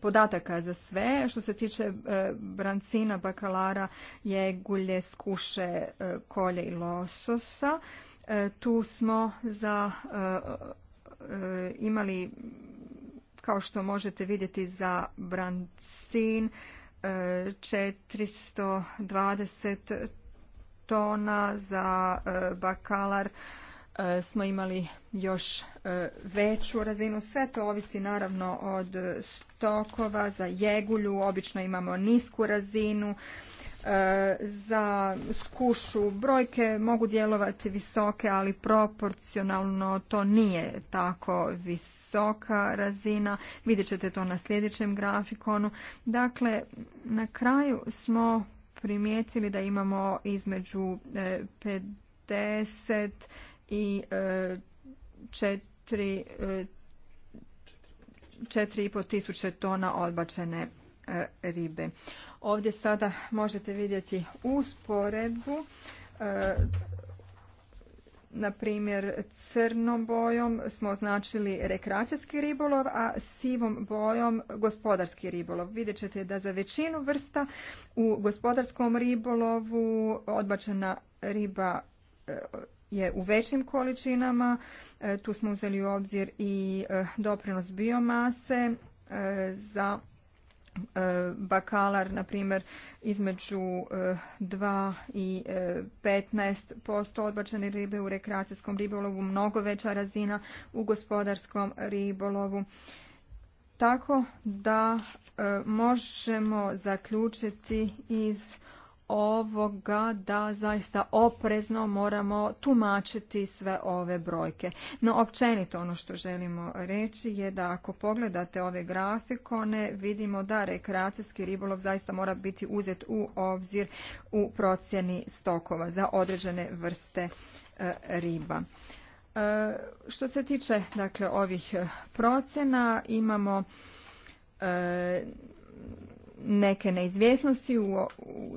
B: podataka za sve. Što se tiče brancina, bakalara, jegulje, skuše, kolje i lososa, tu smo za imali kao što možete vidjeti za brancin 420 tona za e, bakalar e, smo imali još e, veću razinu. Sve to ovisi naravno od stokova za jegulju. Obično imamo nisku razinu za skušu. Brojke mogu djelovati visoke, ali proporcionalno to nije tako visoka razina. Vidjet ćete to na sljedećem grafikonu. Dakle, na kraju smo primijetili da imamo između 50 e, i 4 e, 4,5 e, tisuće tona odbačene ribe. Ovdje sada možete vidjeti usporedbu e, na primjer crnom bojom smo označili rekreacijski ribolov, a sivom bojom gospodarski ribolov. Vidjet ćete da za većinu vrsta u gospodarskom ribolovu odbačena riba e, je u većim količinama. E, tu smo uzeli u obzir i doprinos biomase za E, bakalar, na primjer, između 2 e, i 15% e, odbačene ribe u rekreacijskom ribolovu, mnogo veća razina u gospodarskom ribolovu. Tako da možemo zaključiti iz ovoga da zaista oprezno moramo tumačiti sve ove brojke. No, općenito ono što želimo reći je da ako pogledate ove grafikone, vidimo da rekreacijski ribolov zaista mora biti uzet u obzir u procjeni stokova za određene vrste e, riba. E, što se tiče dakle, ovih procjena, imamo e, neke neizvjesnosti u,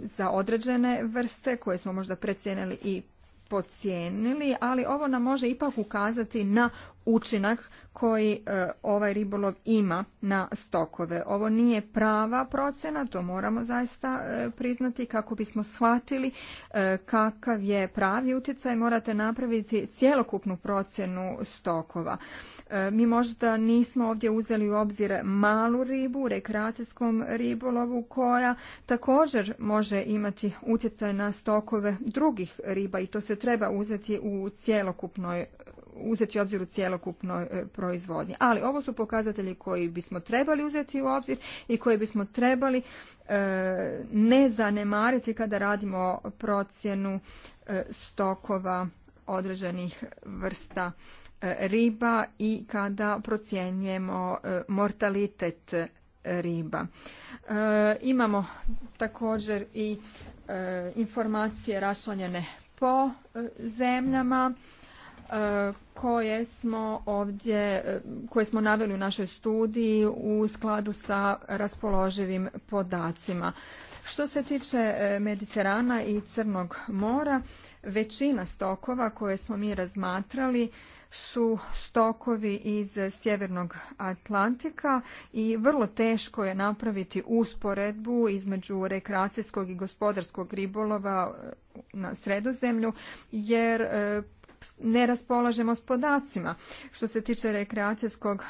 B: za određene vrste koje smo možda precijenili i podcijenili, ali ovo nam može ipak ukazati na učinak koji e, ovaj ribolov ima na stokove. Ovo nije prava procjena, to moramo zaista e, priznati kako bismo shvatili e, kakav je pravi utjecaj, morate napraviti cjelokupnu procjenu stokova. E, mi možda nismo ovdje uzeli u obzir malu ribu, rekreacijskom ribolovu koja također može imati utjecaj na stokove drugih riba i to se treba uzeti u cjelokupnoj uzeti u obzir u cjelokupnoj e, proizvodnji. Ali ovo su pokazatelji koji bismo trebali uzeti u obzir i koji bismo trebali e, ne zanemariti kada radimo procjenu stokova određenih vrsta e, riba i kada procjenjujemo e, mortalitet riba. E, imamo također i informacije rašlanjene po zemljama koje smo ovdje, koje smo naveli u našoj studiji u skladu sa raspoloživim podacima. Što se tiče e, Mediterana i Crnog mora, većina stokova koje smo mi razmatrali su stokovi iz Sjevernog Atlantika i vrlo teško je napraviti usporedbu između rekreacijskog i gospodarskog ribolova e, na sredozemlju jer e, ne raspolažemo s podacima. Što se tiče rekreacijskog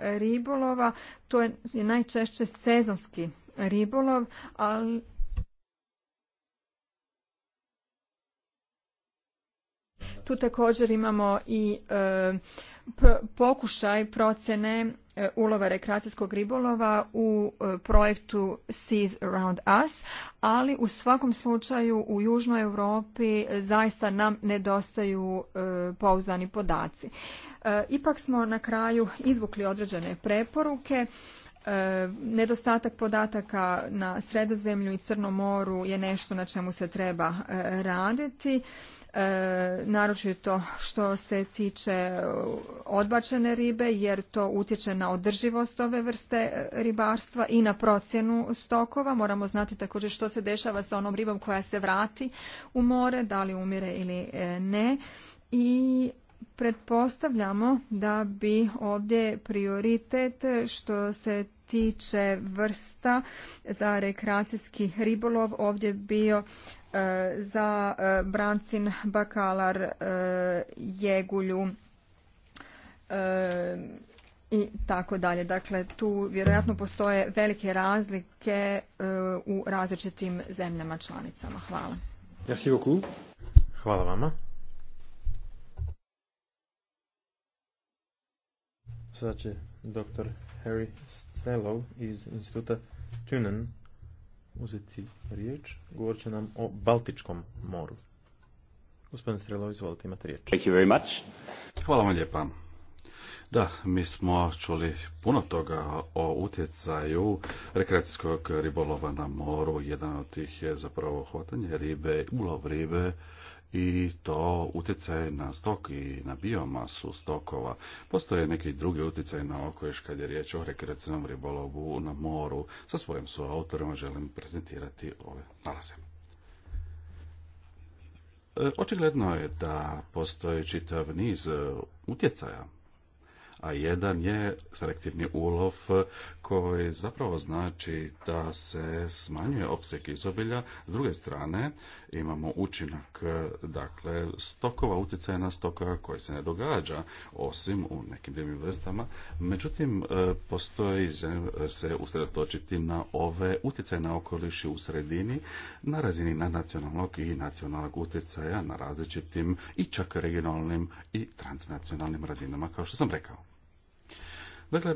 B: ribolova, to je najčešće sezonski ribolov, ali tu također imamo i e, pokušaj procjene e, ulova rekreacijskog ribolova u e, projektu Seas Around Us, ali u svakom slučaju u Južnoj Europi zaista nam nedostaju pouzdani podaci. Ipak smo na kraju izvukli određene preporuke E, nedostatak podataka na Sredozemlju i Crnom moru je nešto na čemu se treba e, raditi, e, naročito što se tiče odbačene ribe jer to utječe na održivost ove vrste ribarstva i na procjenu stokova. Moramo znati također što se dešava sa onom ribom koja se vrati u more, da li umire ili ne i Pretpostavljamo da bi ovdje prioritet što se tiče vrsta za rekreacijski ribolov ovdje bio e, za e, brancin, bakalar, e, jegulju i tako dalje. Dakle, tu vjerojatno postoje velike razlike u različitim zemljama članicama. Hvala.
C: Hvala vama. Sada će dr. Harry Strelov iz instituta Tunen uzeti riječ. Govorit će nam o Baltičkom moru. Gospodin Strelov, izvolite, imate riječ.
A: Thank you very much. Hvala vam lijepa. Da, mi smo čuli puno toga o utjecaju rekreacijskog ribolova na moru. Jedan od tih je zapravo hvatanje ribe, ulov ribe, i to utjecaj na stok i na biomasu stokova. Postoje neki drugi utjecaj na okoliš kad je riječ o rekreacijnom ribolovu na moru. Sa svojim autorima želim prezentirati ove nalaze. E, očigledno je da postoji čitav niz utjecaja a jedan je selektivni ulov koji zapravo znači da se smanjuje opseg izobilja, s druge strane imamo učinak dakle stokova, utjecaja na stoka koji se ne događa osim u nekim divnim vrstama. Međutim, e, postoji se usredotočiti na ove utjecaje na okoliši u sredini na razini na nacionalnog i nacionalnog utjecaja na različitim i čak regionalnim i transnacionalnim razinama kao što sam rekao. Dakle,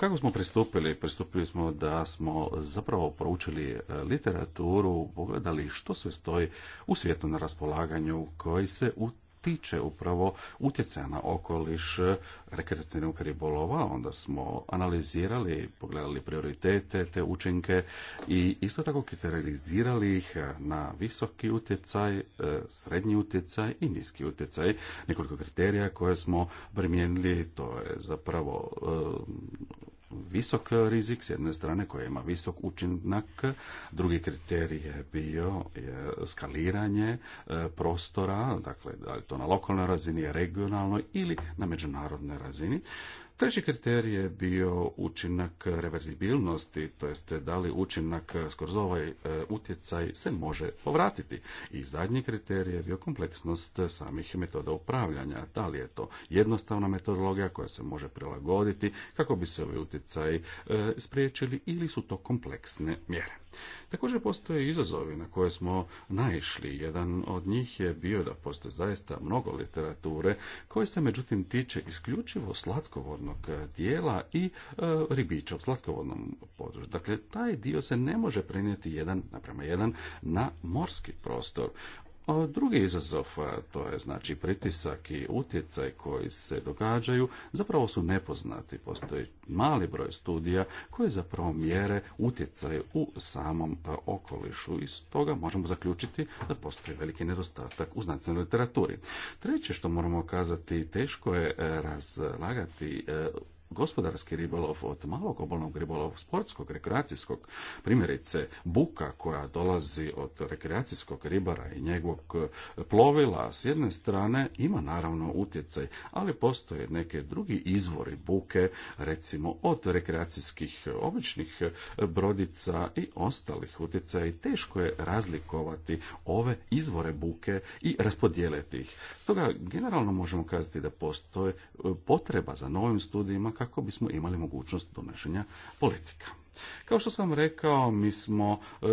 A: kako smo pristupili? Pristupili smo da smo zapravo proučili e, literaturu, pogledali što sve stoji u svijetu na raspolaganju koji se u tiče upravo utjecaja na okoliš e, rekreacijnog ribolova, onda smo analizirali, pogledali prioritete, te učinke i isto tako kriterizirali ih na visoki utjecaj, e, srednji utjecaj i niski utjecaj. Nekoliko kriterija koje smo primijenili, to je zapravo visok rizik s jedne strane koja ima visok učinak, drugi kriterij je bio je skaliranje e, prostora, dakle da li to na lokalnoj razini, regionalnoj ili na međunarodnoj razini. Treći kriterij je bio učinak reverzibilnosti, to jeste da li učinak skroz ovaj e, utjecaj se može povratiti. I zadnji kriterij je bio kompleksnost samih metoda upravljanja. Da li je to jednostavna metodologija koja se može prilagoditi kako bi se ovi ovaj utjecaji e, spriječili ili su to kompleksne mjere. Također postoje izazovi na koje smo naišli. Jedan od njih je bio da postoji zaista mnogo literature koje se međutim tiče isključivo slatkovodnog dijela i e, u slatkovodnom području. Dakle, taj dio se ne može prenijeti jedan naprema jedan na morski prostor. Drugi izazov, to je znači pritisak i utjecaj koji se događaju, zapravo su nepoznati. Postoji mali broj studija koje zapravo mjere utjecaj u samom okolišu i stoga možemo zaključiti da postoji veliki nedostatak u znanstvenoj literaturi. Treće što moramo kazati, teško je e, razlagati e, gospodarski ribolov od malog obalnog ribolov, sportskog, rekreacijskog, primjerice buka koja dolazi od rekreacijskog ribara i njegovog e, plovila s jedne strane ima naravno utjecaj, ali postoje neke drugi izvori buke, recimo od rekreacijskih e, običnih e, brodica i ostalih utjecaja i teško je razlikovati ove izvore buke i raspodijeliti ih. Stoga generalno možemo kazati da postoje potreba za novim studijima kako bismo imali mogućnost donošenja politika. Kao što sam rekao, mi smo e,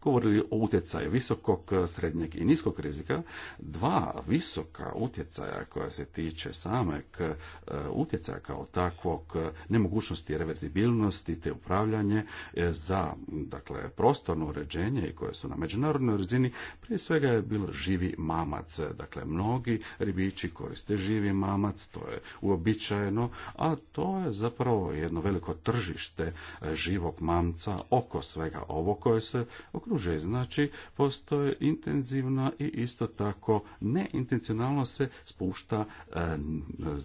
A: govorili o utjecaju visokog, e, srednjeg i niskog rizika. Dva visoka utjecaja koja se tiče sameg e, utjecaja kao takvog nemogućnosti reverzibilnosti te upravljanje za dakle, prostorno uređenje i koje su na međunarodnoj razini, prije svega je bilo živi mamac. Dakle, mnogi ribiči koriste živi mamac, to je uobičajeno, a to je zapravo jedno veliko tržište živog mamca oko svega ovo koje se okružuje. Znači, postoje intenzivna i isto tako neintencionalno se spušta e,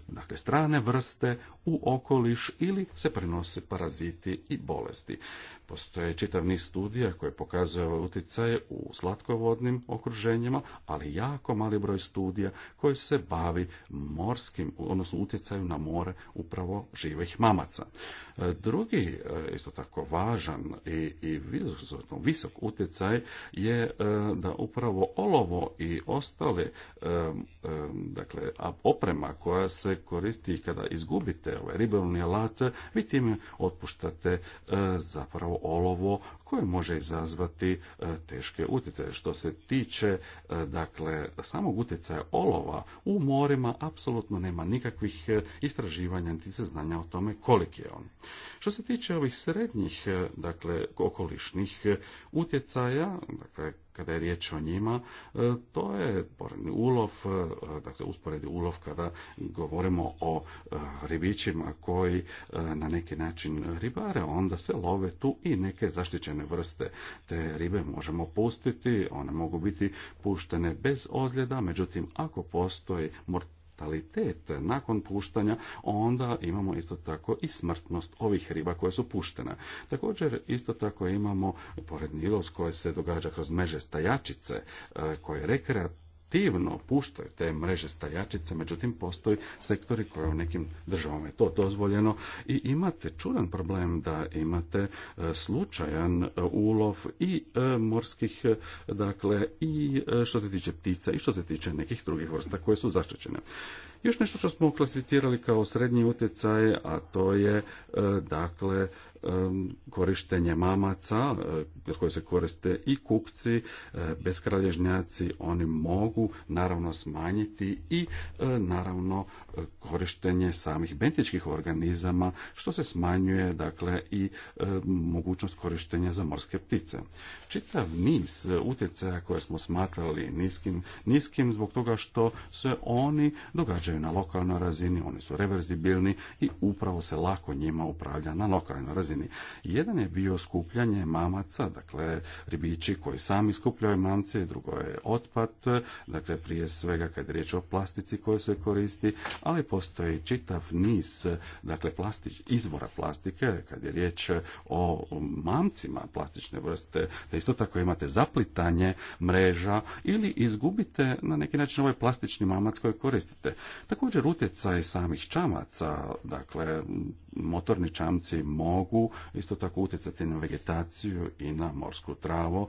A: dakle, strane vrste u okoliš ili se prenose paraziti i bolesti. Postoje čitav niz studija koje pokazuju utjecaje u slatkovodnim okruženjima, ali jako mali broj studija koji se bavi morskim, odnosno utjecaju na more upravo živih mamaca. E, drugi e, isto tako važan i, i visok utjecaj je e, da upravo olovo i ostale e, e, dakle, oprema koja se koristi kada izgubite ovaj ribelni alat, vi time otpuštate zapravo olovo koje može izazvati teške utjecaje. Što se tiče dakle, samog utjecaja olova u morima, apsolutno nema nikakvih istraživanja niti saznanja o tome koliki je on. Što se tiče ovih srednjih, e, dakle, okolišnih e, utjecaja, dakle, kada je riječ o njima, e, to je poredni ulov, dakle usporedi ulov kada govorimo o ribićima koji na neki način ribare, onda se love tu i neke zaštićene vrste. Te ribe možemo pustiti, one mogu biti puštene bez ozljeda, međutim ako postoji mortalitet nakon puštanja, onda imamo isto tako i smrtnost ovih riba koje su puštene. Također isto tako imamo pored nilos koje se događa kroz meže stajačice, e, koje rekreativno aktivno puštaju te mreže stajačice, međutim postoji sektori koje u nekim državama je to dozvoljeno i imate čudan problem da imate e, slučajan e, ulov i e, morskih, dakle i što se tiče ptica i što se tiče nekih drugih vrsta koje su zaštićene. Još nešto što smo klasificirali kao srednji utjecaj, a to je dakle korištenje mamaca eh, koje se koriste i kukci, eh, beskralježnjaci, oni mogu naravno smanjiti i eh, naravno korištenje samih bentičkih organizama što se smanjuje dakle i mogućnost korištenja za morske ptice. Čitav niz utjecaja koje smo smatrali niskim, niskim zbog toga što se oni događaju na lokalnoj razini, oni su reverzibilni i upravo se lako njima upravlja na lokalnoj razini. Jedan je bio skupljanje mamaca, dakle ribiči koji sami skupljaju mamce, drugo je otpad, dakle prije svega kad je riječ o plastici koja se koristi, ali postoji čitav niz dakle plastič, izvora plastike kad je riječ o mamcima plastične vrste, da isto tako imate zaplitanje mreža ili izgubite na neki način ovaj plastični mamac koji koristite. Također utjecaj samih čamaca, dakle motorni čamci mogu isto tako utjecati na vegetaciju i na morsku travu,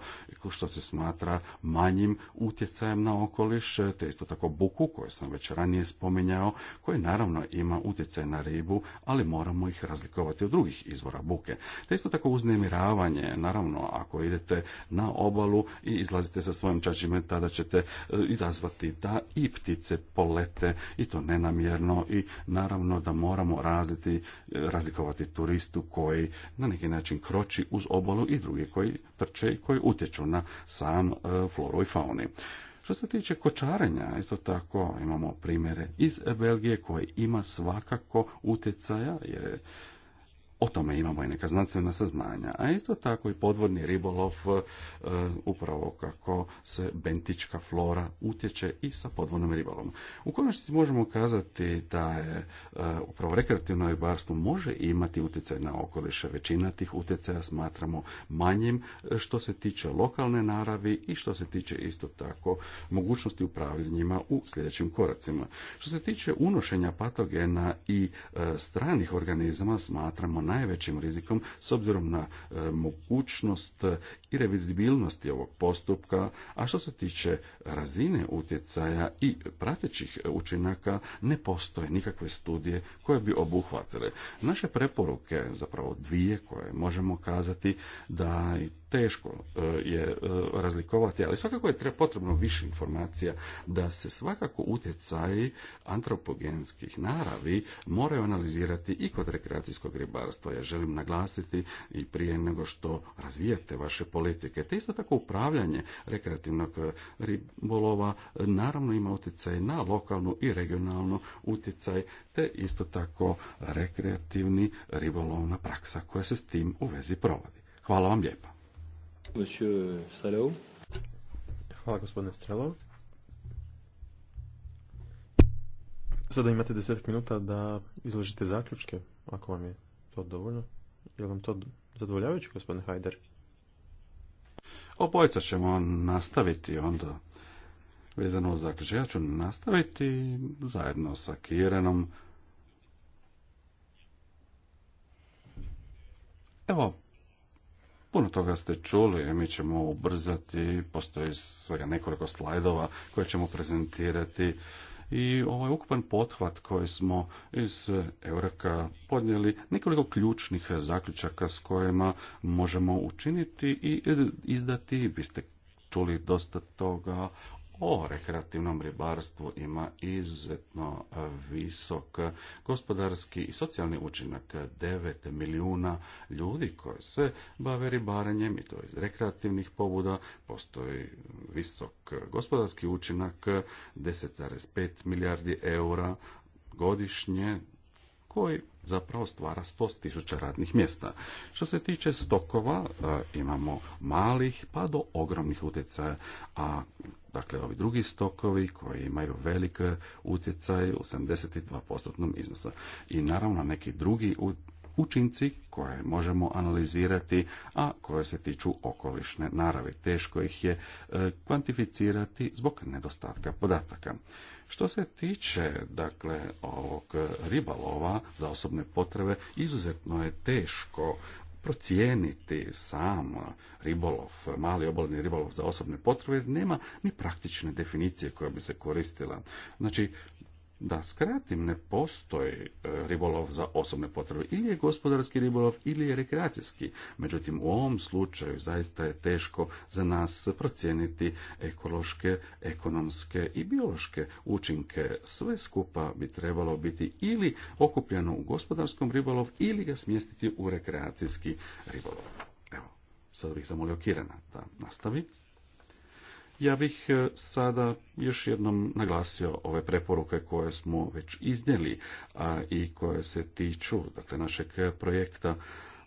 A: što se smatra manjim utjecajem na okoliš, te isto tako buku, koju sam već ranije spominjao, koji naravno ima utjecaj na ribu, ali moramo ih razlikovati od drugih izvora buke. Te isto tako uznemiravanje, naravno, ako idete na obalu i izlazite sa svojim čačima, tada ćete e, izazvati da i ptice polete i to nenamjerno i naravno da moramo raziti e, razlikovati turistu koji na neki način kroči uz obalu i drugi koji trče i koji utječu na sam e, floru i fauni. Što se tiče kočarenja, isto tako imamo primjere iz Belgije koji ima svakako utjecaja jer o tome imamo i neka znanstvena saznanja. A isto tako i podvodni ribolov, e, upravo kako se bentička flora utječe i sa podvodnim ribolom. U konačnici možemo kazati da je e, upravo rekreativno ribarstvo može imati utjecaj na okoliše. Većina tih utjecaja smatramo manjim e, što se tiče lokalne naravi i što se tiče isto tako mogućnosti upravljanjima u sljedećim koracima. Što se tiče unošenja patogena i stranih organizama smatramo najvećim rizikom s obzirom na e, mogućnost e, i revizibilnosti ovog postupka, a što se tiče razine utjecaja i pratećih e, učinaka ne postoje nikakve studije koje bi obuhvatile. Naše preporuke, zapravo dvije koje možemo kazati da teško e, je e, razlikovati, ali svakako je treba potrebno više informacija da se svakako utjecaji antropogenskih naravi moraju analizirati i kod rekreacijskog ribarstva. Ja želim naglasiti i prije nego što razvijete vaše politike, te isto tako upravljanje rekreativnog e, ribolova naravno ima utjecaj na lokalnu i regionalnu utjecaj, te isto tako rekreativni ribolovna praksa koja se s tim u vezi provodi. Hvala vam lijepa.
C: Monsieur Hvala gospodine Strelov. Sada imate deset minuta da izložite zaključke, ako vam je to dovoljno. Je vam to zadovoljavajuće, gospodine Hajder?
A: opojca ćemo nastaviti onda vezano za zaključke. Ja ću nastaviti zajedno sa Kirenom. Evo, Puno toga ste čuli, mi ćemo ubrzati, postoji svega nekoliko slajdova koje ćemo prezentirati i ovaj ukupan pothvat koji smo iz Euroka podnijeli nekoliko ključnih zaključaka s kojima možemo učiniti i izdati, biste čuli dosta toga o rekreativnom ribarstvu ima izuzetno e, visok gospodarski i socijalni učinak 9 milijuna ljudi koji se bave ribarenjem i to iz rekreativnih pobuda postoji visok gospodarski učinak 10,5 milijardi eura godišnje koji zapravo stvara 100 tisuća radnih mjesta. Što se tiče stokova, e, imamo malih pa do ogromnih utjecaja, a Dakle, ovi drugi stokovi koji imaju velik utjecaj u 72% iznosa. I naravno neki drugi učinci koje možemo analizirati, a koje se tiču okolišne naravi. Teško ih je e, kvantificirati zbog nedostatka podataka. Što se tiče dakle ovog ribalova za osobne potrebe, izuzetno je teško procijeniti sam ribolov, mali obalni ribolov za osobne potrebe, nema ni praktične definicije koja bi se koristila. Znači, da skratim, ne postoji e, ribolov za osobne potrebe. Ili je gospodarski ribolov, ili je rekreacijski. Međutim, u ovom slučaju zaista je teško za nas procijeniti ekološke, ekonomske i biološke učinke. Sve skupa bi trebalo biti ili okupljeno u gospodarskom ribolov, ili ga smjestiti u rekreacijski ribolov. Evo, sad bih zamolio Kirana da nastavi. Ja bih e, sada još jednom naglasio ove preporuke koje smo već iznijeli i koje se tiču dakle, našeg projekta.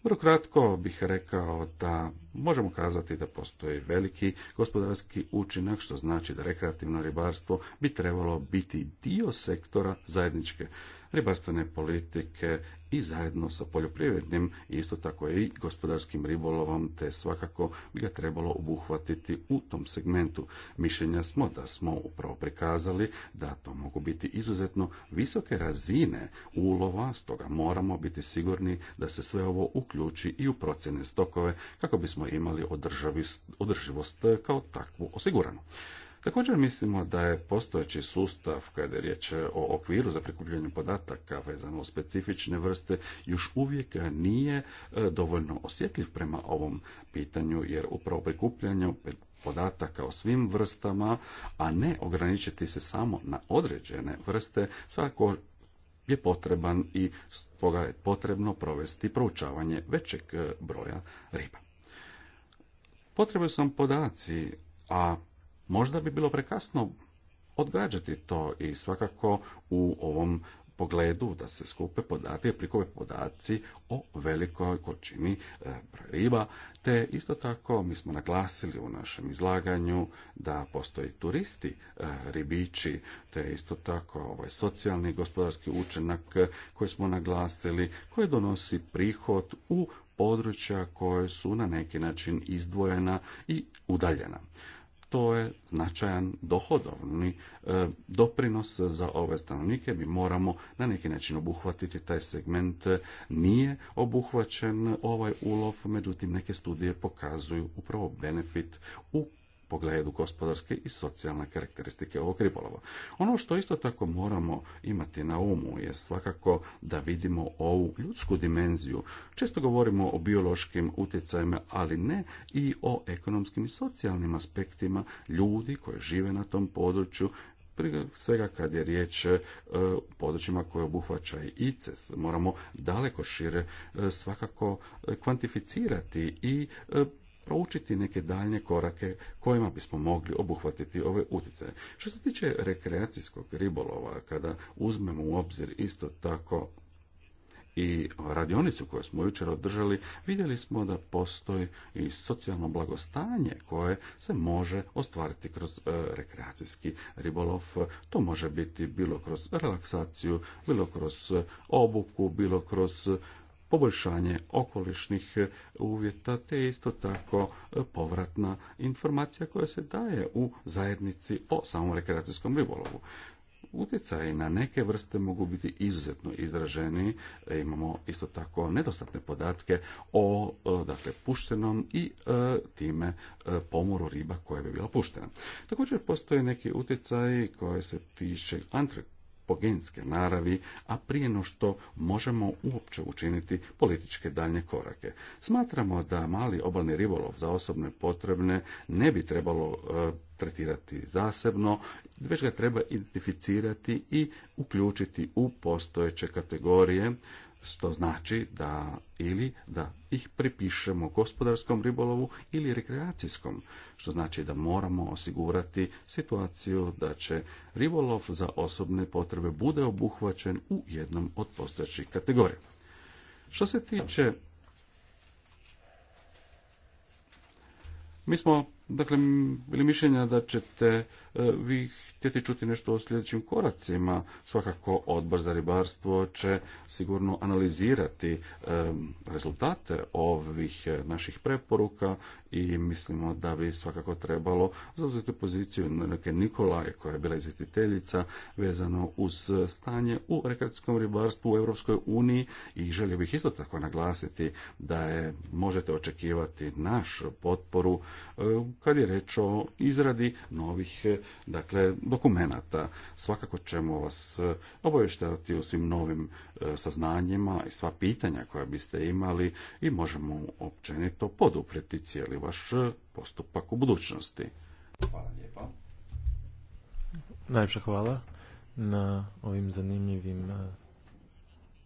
A: Vrlo kratko bih rekao da možemo kazati da postoji veliki gospodarski učinak, što znači da rekreativno ribarstvo bi trebalo biti dio sektora zajedničke ribarstvene politike i zajedno sa poljoprivrednim isto tako i gospodarskim ribolovom, te svakako bi ga trebalo obuhvatiti u tom segmentu. Mišljenja smo da smo upravo prikazali da to mogu biti izuzetno visoke razine ulova, stoga moramo biti sigurni da se sve ovo uključi i u procjene stokove kako bismo imali održivost kao takvu osiguranu. Također mislimo da je postojeći sustav kada je riječ o okviru za prikupljanje podataka vezano o specifične vrste još uvijek nije e, dovoljno osjetljiv prema ovom pitanju jer upravo prikupljanje podataka o svim vrstama, a ne ograničiti se samo na određene vrste, svako je potreban i stoga je potrebno provesti proučavanje većeg e, broja riba. Potrebni su podaci, a možda bi bilo prekasno odgađati to i svakako u ovom pogledu da se skupe i prikove podaci o velikoj količini e, riba, te isto tako mi smo naglasili u našem izlaganju da postoji turisti e, ribiči, te isto tako ovaj socijalni gospodarski učinak koji smo naglasili, koji donosi prihod u područja koje su na neki način izdvojena i udaljena to je značajan dohodovni e, doprinos za ove stanovnike. Mi moramo na neki način obuhvatiti taj segment. Nije obuhvaćen ovaj ulov, međutim neke studije pokazuju upravo benefit u pogledu gospodarske i socijalne karakteristike ovog ribolova. Ono što isto tako moramo imati na umu je svakako da vidimo ovu ljudsku dimenziju. Često govorimo o biološkim utjecajima, ali ne i o ekonomskim i socijalnim aspektima ljudi koji žive na tom području, svega kad je riječ o e, područjima koje obuhvaća i ICES. Moramo daleko šire e, svakako kvantificirati i e, proučiti neke daljnje korake kojima bismo mogli obuhvatiti ove utjecaje. Što se tiče rekreacijskog ribolova, kada uzmemo u obzir isto tako i radionicu koju smo jučer održali, vidjeli smo da postoji i socijalno blagostanje koje se može ostvariti kroz e, rekreacijski ribolov. To može biti bilo kroz relaksaciju, bilo kroz e, obuku, bilo kroz poboljšanje okolišnih uvjeta, te isto tako e, povratna informacija koja se daje u zajednici o samom rekreacijskom ribolovu utjecaji na neke vrste mogu biti izuzetno izraženi. E, imamo isto tako nedostatne podatke o e, dakle, puštenom i time pomoru riba koja bi bila puštena. Također postoje neki utjecaji koji se tiče genske naravi, a prije no što možemo uopće učiniti političke daljnje korake. Smatramo da mali obalni ribolov za osobne potrebne ne bi trebalo e, tretirati zasebno, već ga treba identificirati i uključiti u postojeće kategorije što znači da ili da ih prepišemo gospodarskom ribolovu ili rekreacijskom, što znači da moramo osigurati situaciju da će ribolov za osobne potrebe bude obuhvaćen u jednom od postojećih kategorija. Što se tiče mi smo dakle, bili mišljenja da ćete e, vi htjeti čuti nešto o sljedećim koracima. Svakako odbor za ribarstvo će sigurno analizirati e, rezultate ovih e, naših preporuka i mislimo da bi svakako trebalo zauzeti poziciju neke Nikolaje koja je bila izvjestiteljica vezano uz stanje u rekreacijskom ribarstvu u Europskoj uniji i želio bih isto tako naglasiti da je možete očekivati naš potporu kad je reč o izradi novih eh, dakle, dokumenata. Svakako ćemo vas eh, obavještavati o svim novim eh, saznanjima i sva pitanja koja biste imali i možemo općenito podupreti cijeli vaš postupak u budućnosti. Hvala lijepa.
C: Najljepša hvala na ovim zanimljivim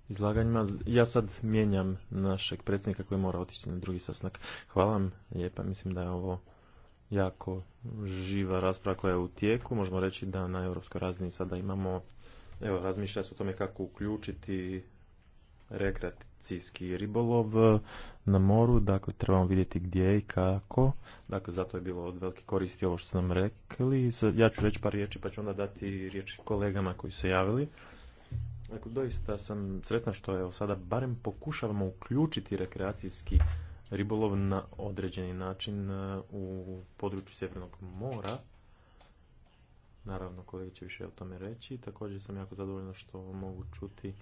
C: izlaganjima. Ja sad mijenjam našeg predsjednika koji mora otići na drugi sasnak. Hvala vam lijepa, mislim da je ovo jako živa rasprava koja je u tijeku. Možemo reći da na europskoj razini sada imamo, evo, razmišlja se o tome kako uključiti rekreacijski ribolov na moru, dakle trebamo vidjeti gdje i kako, dakle zato je bilo od velike koristi ovo što sam rekli. Ja ću reći par riječi pa ću onda dati riječi kolegama koji se javili. Dakle, doista sam sretna što je sada barem pokušavamo uključiti rekreacijski ribolov na određeni način e, u području Sjevernog mora. Naravno, kolege će više o tome reći. Također sam jako zadovoljna što mogu čuti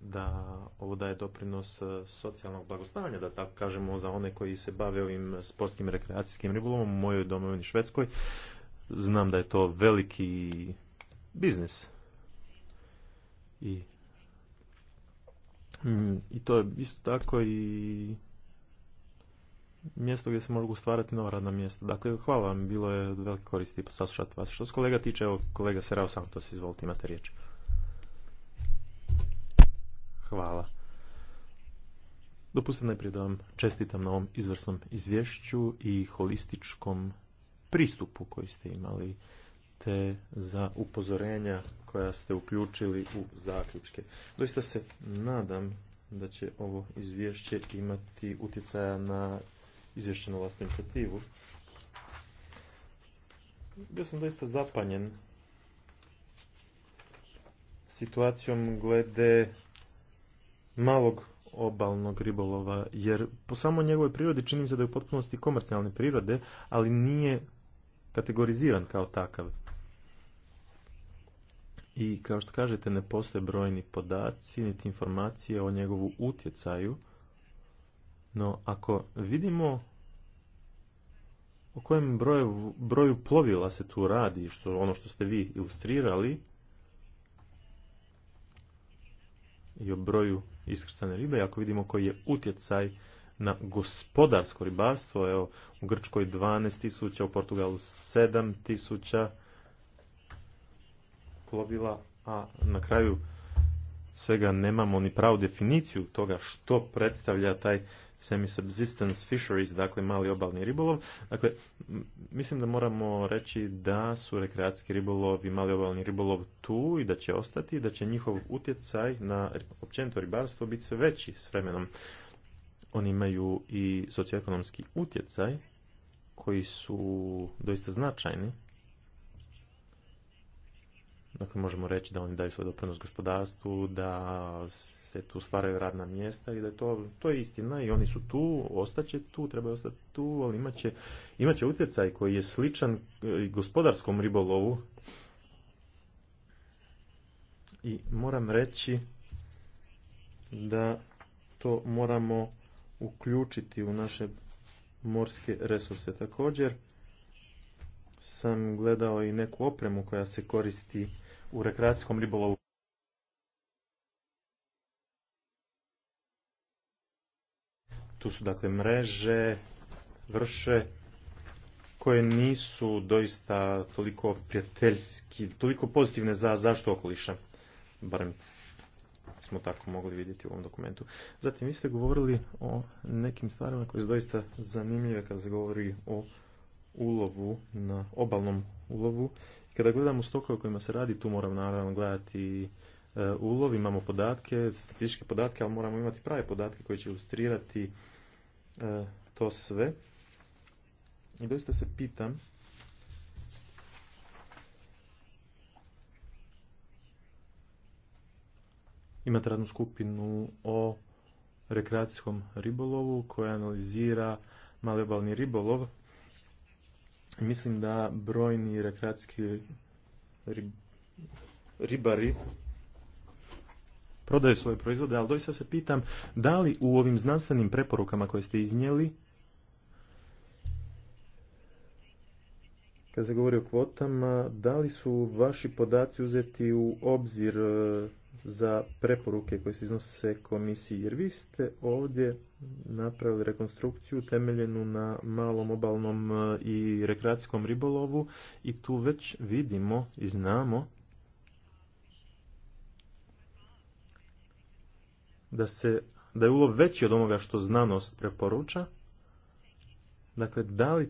C: da ovo daje doprinos e, socijalnog blagostavanja, da tako kažemo, za one koji se bave ovim sportskim rekreacijskim ribolovom u mojoj domovini Švedskoj. Znam da je to veliki biznis. I Mm, I to je isto tako i mjesto gdje se mogu stvarati nova radna mjesta. Dakle, hvala vam, bilo je velike koristi saslušati vas. Što se kolega tiče, evo, kolega Serao Santos, izvolite, imate riječ. Hvala. Dopustite najprije da vam čestitam na ovom izvrsnom izvješću i holističkom pristupu koji ste imali te za upozorenja koja ste uključili u zaključke. Doista se nadam da će ovo izvješće imati utjecaja na izvješće na vlastnu inicijativu. Bio sam doista zapanjen situacijom glede malog obalnog ribolova, jer po samo njegovoj prirodi čini se da je u potpunosti komercijalne prirode, ali nije kategoriziran kao takav. I kao što kažete, ne postoje brojni podaci, niti informacije o njegovu utjecaju. No, ako vidimo o kojem broju, broju plovila se tu radi, što ono što ste vi ilustrirali, i o broju iskrcane ribe, ako vidimo koji je utjecaj na gospodarsko ribarstvo, evo u Grčkoj 12.000, u Portugalu 7.000, plovila, a na kraju svega nemamo ni pravu definiciju toga što predstavlja taj semi-subsistence fisheries, dakle mali obalni ribolov. Dakle, mislim da moramo reći da su rekreacijski ribolov i mali obalni ribolov tu i da će ostati, da će njihov utjecaj na općenito ribarstvo biti sve veći s vremenom. Oni imaju i socioekonomski utjecaj koji su doista značajni Dakle, možemo reći da oni daju svoj doprinos gospodarstvu, da se tu stvaraju radna mjesta i da je to, to je istina i oni su tu, ostaće tu, trebaju ostati tu, ali imat će, će utjecaj koji je sličan e, gospodarskom ribolovu. I moram reći da to moramo uključiti u naše morske resurse. Također sam gledao i neku opremu koja se koristi u rekreacijskom ribolovu. Tu su dakle mreže, vrše, koje nisu doista toliko prijateljski, toliko pozitivne za zaštitu okoliša. Barem smo tako mogli vidjeti u ovom dokumentu. Zatim, vi ste govorili o nekim stvarima koje su doista zanimljive kada se govori o ulovu, na obalnom ulovu kada gledamo stokove kojima se radi, tu moramo naravno gledati e, ulov, imamo podatke, statističke podatke, ali moramo imati prave podatke koji će ilustrirati e, to sve. I doista se pitam imate radnu skupinu o rekreacijskom ribolovu koja analizira mali ribolov Mislim da brojni rekreacijski ribari prodaju svoje proizvode, ali doista se pitam da li u ovim znanstvenim preporukama koje ste iznijeli kada se govori o kvotama, da li su vaši podaci uzeti u obzir e, za preporuke koje se iznose komisiji, jer vi ste ovdje napravili rekonstrukciju temeljenu na malom obalnom e, i rekreacijskom ribolovu i tu već vidimo i znamo da, se, da je ulov veći od onoga što znanost preporuča. Dakle, da li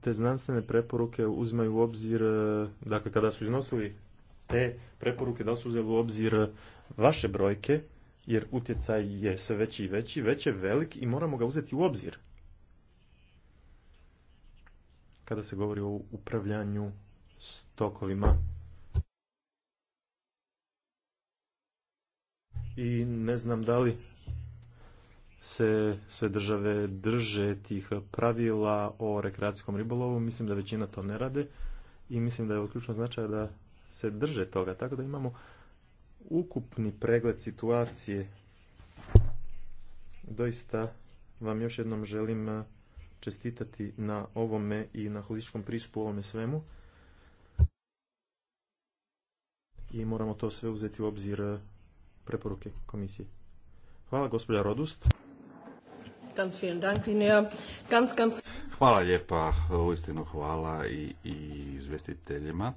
C: te znanstvene preporuke uzmaju u obzir, e, dakle, kada su iznosili te preporuke, da li su uzeli u obzir vaše brojke, jer utjecaj je sve veći i veći, već je velik i moramo ga uzeti u obzir. Kada se govori o upravljanju stokovima i ne znam da li se sve države drže tih pravila o rekreacijskom ribolovu. Mislim da većina to ne rade i mislim da je od ključnog značaja da se drže toga. Tako da imamo ukupni pregled situacije. Doista vam još jednom želim eh, čestitati na ovome i na holističkom pristupu ovome svemu. I moramo to sve uzeti u obzir eh, preporuke komisije. Hvala gospođa Rodust.
A: Hvala lijepa, uistinu hvala i, i izvestiteljima.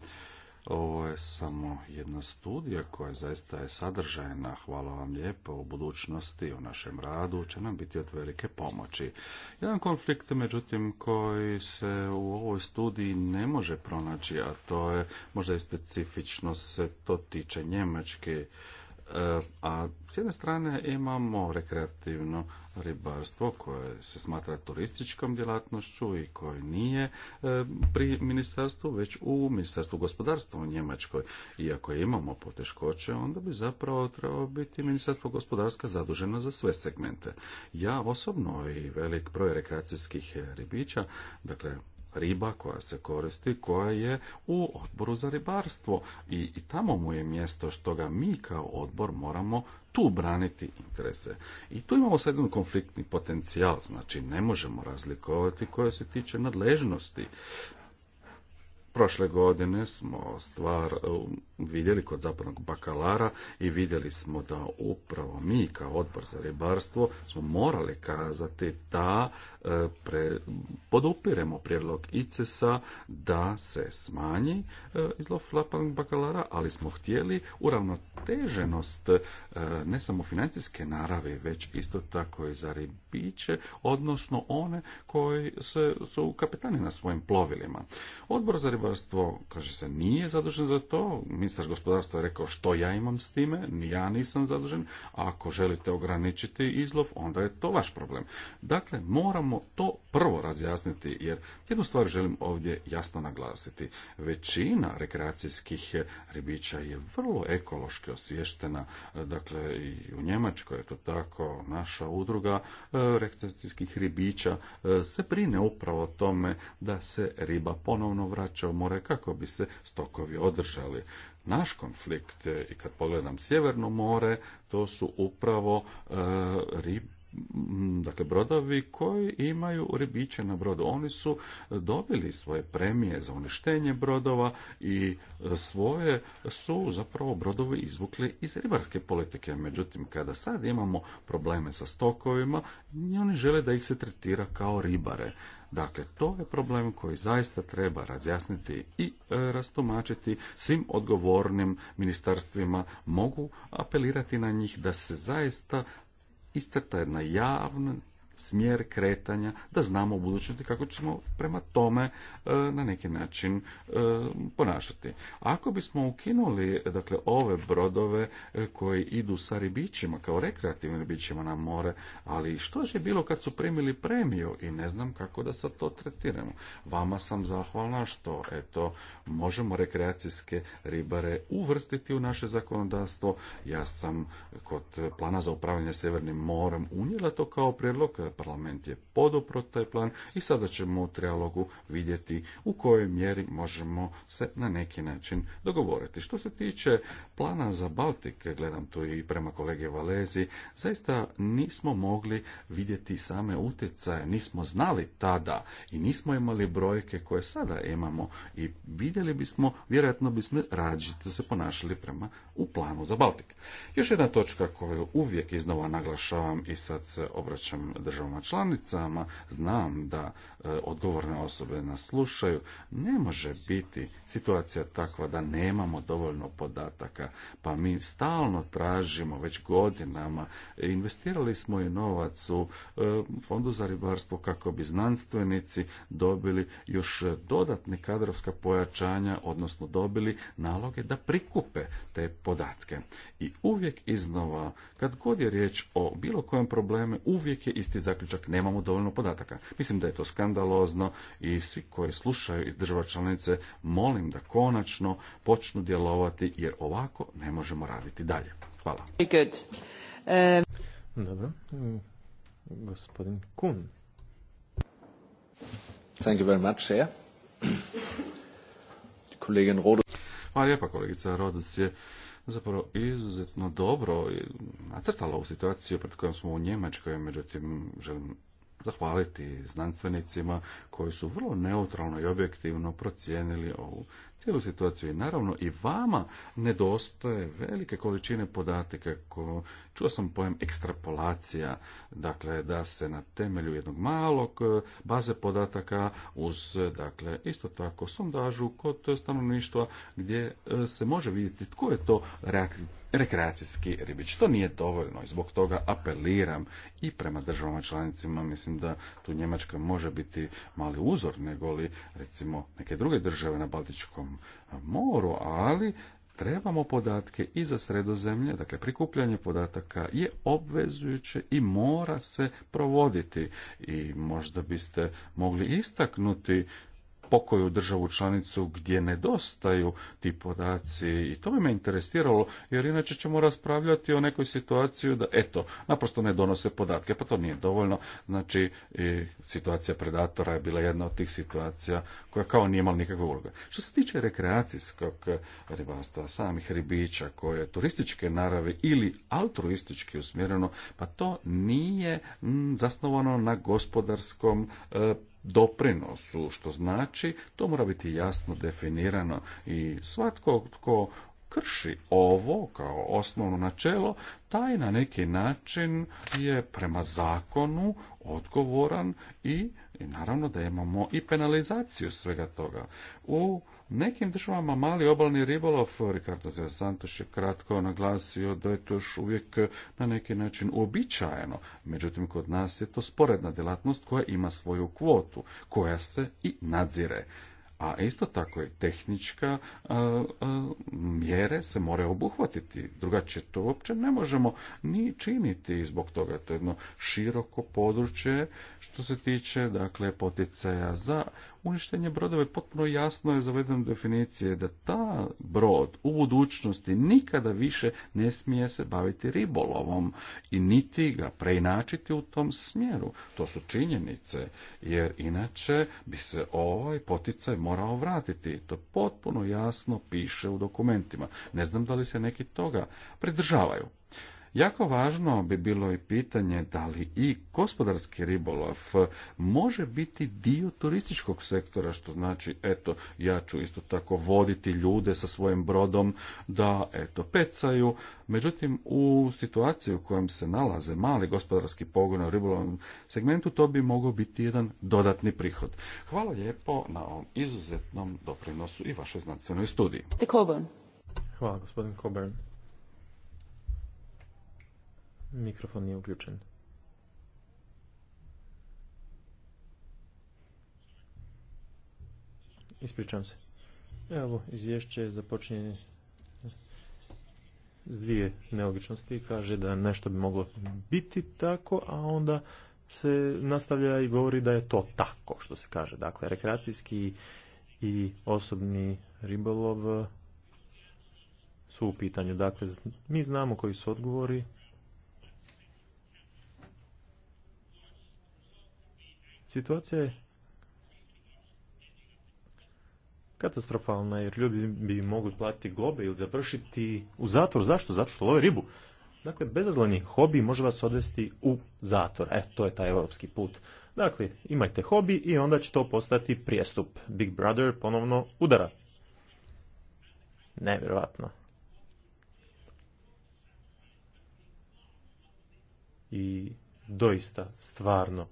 A: Ovo je samo jedna studija koja zaista je sadržajna. Hvala vam lijepo. U budućnosti, u našem radu će nam biti od velike pomoći. Jedan konflikt, međutim, koji se u ovoj studiji ne može pronaći, a to je možda i specifično se to tiče Njemačke a s jedne strane imamo rekreativno ribarstvo koje se smatra turističkom djelatnošću i koje nije e, pri ministarstvu, već u ministarstvu gospodarstva u Njemačkoj. Iako imamo poteškoće, onda bi zapravo trebao biti ministarstvo gospodarstva zaduženo za sve segmente. Ja osobno i velik broj rekreacijskih ribića, dakle riba koja se koristi, koja je u odboru za ribarstvo i, i tamo mu je mjesto što ga mi kao odbor moramo tu braniti interese. I tu imamo sad jedan konfliktni potencijal, znači ne možemo razlikovati koje se tiče nadležnosti. Prošle godine smo stvar vidjeli kod zapadnog bakalara i vidjeli smo da upravo mi kao odbor za ribarstvo smo morali kazati da e, pre, podupiremo prijedlog ICES-a da se smanji e, izlov zapadnog bakalara, ali smo htjeli uravnoteženost e, ne samo financijske naravi, već isto tako i za ribiće, odnosno one koji se, su kapitani na svojim plovilima. Odbor za ribarstvo, kaže se, nije zadužen za to, mi ministar gospodarstva je rekao što ja imam s time, ni ja nisam zadužen, a ako želite ograničiti izlov, onda je to vaš problem. Dakle, moramo to prvo razjasniti, jer jednu stvar želim ovdje jasno naglasiti. Većina rekreacijskih ribića je vrlo ekološki osviještena, dakle i u Njemačkoj je to tako, naša udruga e, rekreacijskih ribića e, se brine upravo o tome da se riba ponovno vraća u more kako bi se stokovi održali. Naš konflikt, e, i kad pogledam Sjeverno more, to su upravo e, dakle brodovi koji imaju ribiće na brodu. Oni su dobili svoje premije za uništenje brodova i e, svoje su zapravo brodovi izvukli iz ribarske politike. Međutim, kada sad imamo probleme sa stokovima, oni žele da ih se tretira kao ribare. Dakle, to je problem koji zaista treba razjasniti i e, svim odgovornim ministarstvima. Mogu apelirati na njih da se zaista istrta jedna javna smjer kretanja, da znamo u budućnosti kako ćemo prema tome e, na neki način e, ponašati. Ako bismo ukinuli dakle ove brodove e, koji idu sa ribićima kao rekreativnim ribićima na more, ali što je bilo kad su primili premiju i ne znam kako da sad to tretiramo. Vama sam zahvalna što eto možemo rekreacijske ribare uvrstiti u naše zakonodavstvo. Ja sam kod plana za upravljanje Sjevernim morem unijela to kao prijedlog parlament je podupro taj plan i sada ćemo u trialogu vidjeti u kojoj mjeri možemo se na neki način dogovoriti. Što se tiče plana za Baltik, gledam tu i prema kolege Valezi, zaista nismo mogli vidjeti same utjecaje, nismo znali tada i nismo imali brojke koje sada imamo i vidjeli bismo, vjerojatno bismo različito se ponašali prema u planu za Baltik. Još jedna točka koju uvijek iznova naglašavam i sad se obraćam državu državama članicama, znam da e, odgovorne osobe nas slušaju, ne može biti situacija takva da nemamo dovoljno podataka, pa mi stalno tražimo već godinama, investirali smo i novac u e, Fondu za ribarstvo kako bi znanstvenici dobili još dodatne kadrovska pojačanja, odnosno dobili naloge da prikupe te podatke. I uvijek iznova, kad god je riječ o bilo kojem problemu, uvijek je isti zaključak nemamo dovoljno podataka. Mislim da je to skandalozno i svi koji slušaju iz država članice molim da konačno počnu djelovati jer ovako ne možemo raditi dalje. Hvala. Ehm. Dobro. Mm, gospodin Kun. Thank you very much, Kolegin lijepa, kolegica Rodos je zapravo izuzetno dobro nacrtala ovu situaciju pred kojom smo u Njemačkoj, međutim želim zahvaliti znanstvenicima koji su vrlo neutralno i objektivno procijenili ovu cijelu situaciju. I naravno i vama nedostaje velike količine podataka. Ko, čuo sam pojem ekstrapolacija, dakle da se na temelju jednog malog eh, baze podataka uz dakle isto tako sondažu kod stanovništva gdje eh, se može vidjeti tko je to reakcija rekreacijski ribič. To nije dovoljno i zbog toga apeliram i prema državama članicima, mislim da tu Njemačka može biti mali uzor nego li recimo neke druge države na Baltičkom moru, ali trebamo podatke i za sredozemlje, dakle prikupljanje podataka je obvezujuće i mora se provoditi. I možda biste mogli istaknuti pokoju državu članicu gdje nedostaju ti podaci i to me interesiralo jer inače ćemo raspravljati o nekoj situaciji da eto naprosto ne donose podatke pa to nije dovoljno znači situacija predatora je bila jedna od tih situacija koja kao nije imala nikakve uloge što se tiče rekreacijskog ribarstva samih ribića koje je turističke narave ili altruistički usmjereno pa to nije zasnovano na gospodarskom e, doprinosu, što znači to mora biti jasno definirano i svatko tko krši ovo kao osnovno načelo, taj na neki način je prema zakonu odgovoran i, i naravno da imamo i penalizaciju svega toga. U Nekim državama mali obalni ribolov, Ricardo Zer Santos je kratko naglasio da je to još uvijek na neki način uobičajeno. Međutim, kod nas je to sporedna djelatnost koja ima svoju kvotu, koja se i nadzire a isto tako i tehnička mjere se moraju obuhvatiti. Drugačije to uopće ne možemo ni činiti zbog toga to je jedno široko područje što se tiče dakle poticaja za uništenje brodova potpuno jasno je zavedeno definicije da ta brod u budućnosti nikada više ne smije se baviti ribolovom i niti ga preinačiti u tom smjeru. To su činjenice, jer inače bi se ovaj poticaj morao vratiti. To potpuno jasno piše u dokumentima. Ne znam da li se neki toga pridržavaju. Jako važno bi bilo i pitanje da li i gospodarski ribolov može biti dio turističkog sektora, što znači, eto, ja ću isto tako voditi ljude sa svojim brodom da, eto, pecaju. Međutim, u situaciji u kojem se nalaze mali gospodarski pogon u ribolovnom segmentu, to bi mogao biti jedan dodatni prihod. Hvala lijepo na ovom izuzetnom doprinosu i vašoj znanstvenoj studiji.
C: Hvala, gospodin Coburn. Mikrofon nije uključen. Ispričam se. Evo, izvješće započinje s dvije nelogičnosti. Kaže da nešto bi moglo biti tako, a onda se nastavlja i govori da je to tako, što se kaže. Dakle, rekreacijski i osobni ribolov su u pitanju. Dakle, mi znamo koji su odgovori, Situacija je katastrofalna jer ljudi bi mogli platiti globe ili završiti u zatvor. Zašto? Zato što love ribu. Dakle, bezazleni hobi može vas odvesti u zatvor. E, to je taj europski put. Dakle, imajte hobi i onda će to postati prijestup. Big Brother ponovno udara. Nevjerojatno. I doista, stvarno,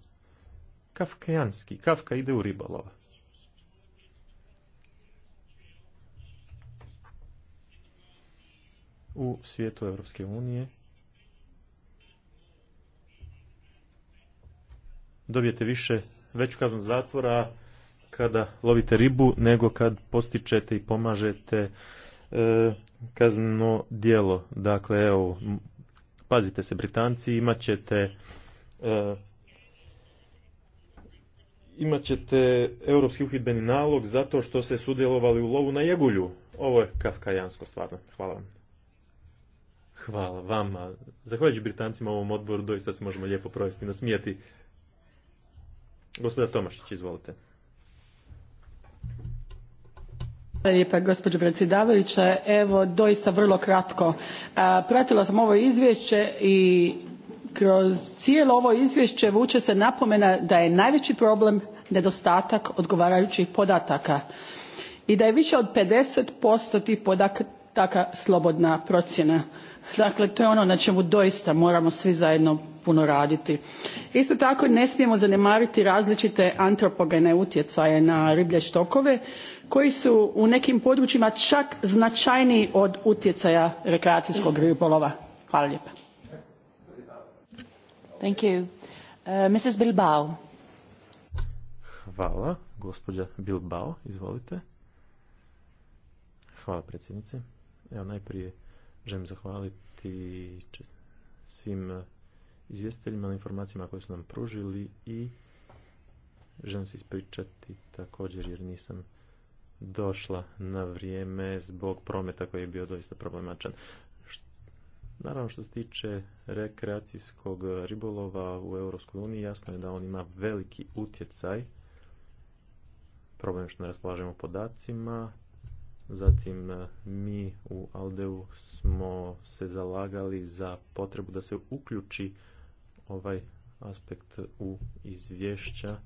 C: kafkajanski. Kafka ide u ribolova. U svijetu Evropske unije dobijete više veću kaznu zatvora kada lovite ribu nego kad postičete i pomažete e, kazneno djelo. Dakle, evo, pazite se Britanci, imat ćete e, imat ćete europski uhidbeni nalog zato što ste sudjelovali u lovu na jegulju. Ovo je kafkajansko stvarno. Hvala vam. Hvala vama. Zahvaljujući Britancima u ovom odboru doista se možemo lijepo provesti nasmijati. Gospoda Tomašić, izvolite.
B: Hvala lijepa gospođo predsjedavajuća. Evo doista vrlo kratko. Pratila sam ovo izvješće i kroz cijelo ovo izvješće vuče se napomena da je najveći problem nedostatak odgovarajućih podataka i da je više od 50% tih podataka slobodna procjena. Dakle, to je ono na čemu doista moramo svi zajedno puno raditi. Isto tako ne
A: smijemo zanemariti različite antropogene utjecaje na riblje štokove koji su u nekim područjima čak značajniji od utjecaja rekreacijskog ribolova. Hvala lijepa. Uh,
C: Hvala. Gospođa Bilbao, izvolite. Hvala predsjednice. Evo najprije želim zahvaliti svim uh, izvjestiteljima na informacijama koje su nam pružili i želim se ispričati također jer nisam došla na vrijeme zbog prometa koji je bio doista problematičan. Naravno što se tiče rekreacijskog ribolova u Europskoj uniji jasno je da on ima veliki utjecaj. Problem što ne raspolažemo podacima. Zatim mi u Aldeu smo se zalagali za potrebu da se uključi ovaj aspekt u izvješća.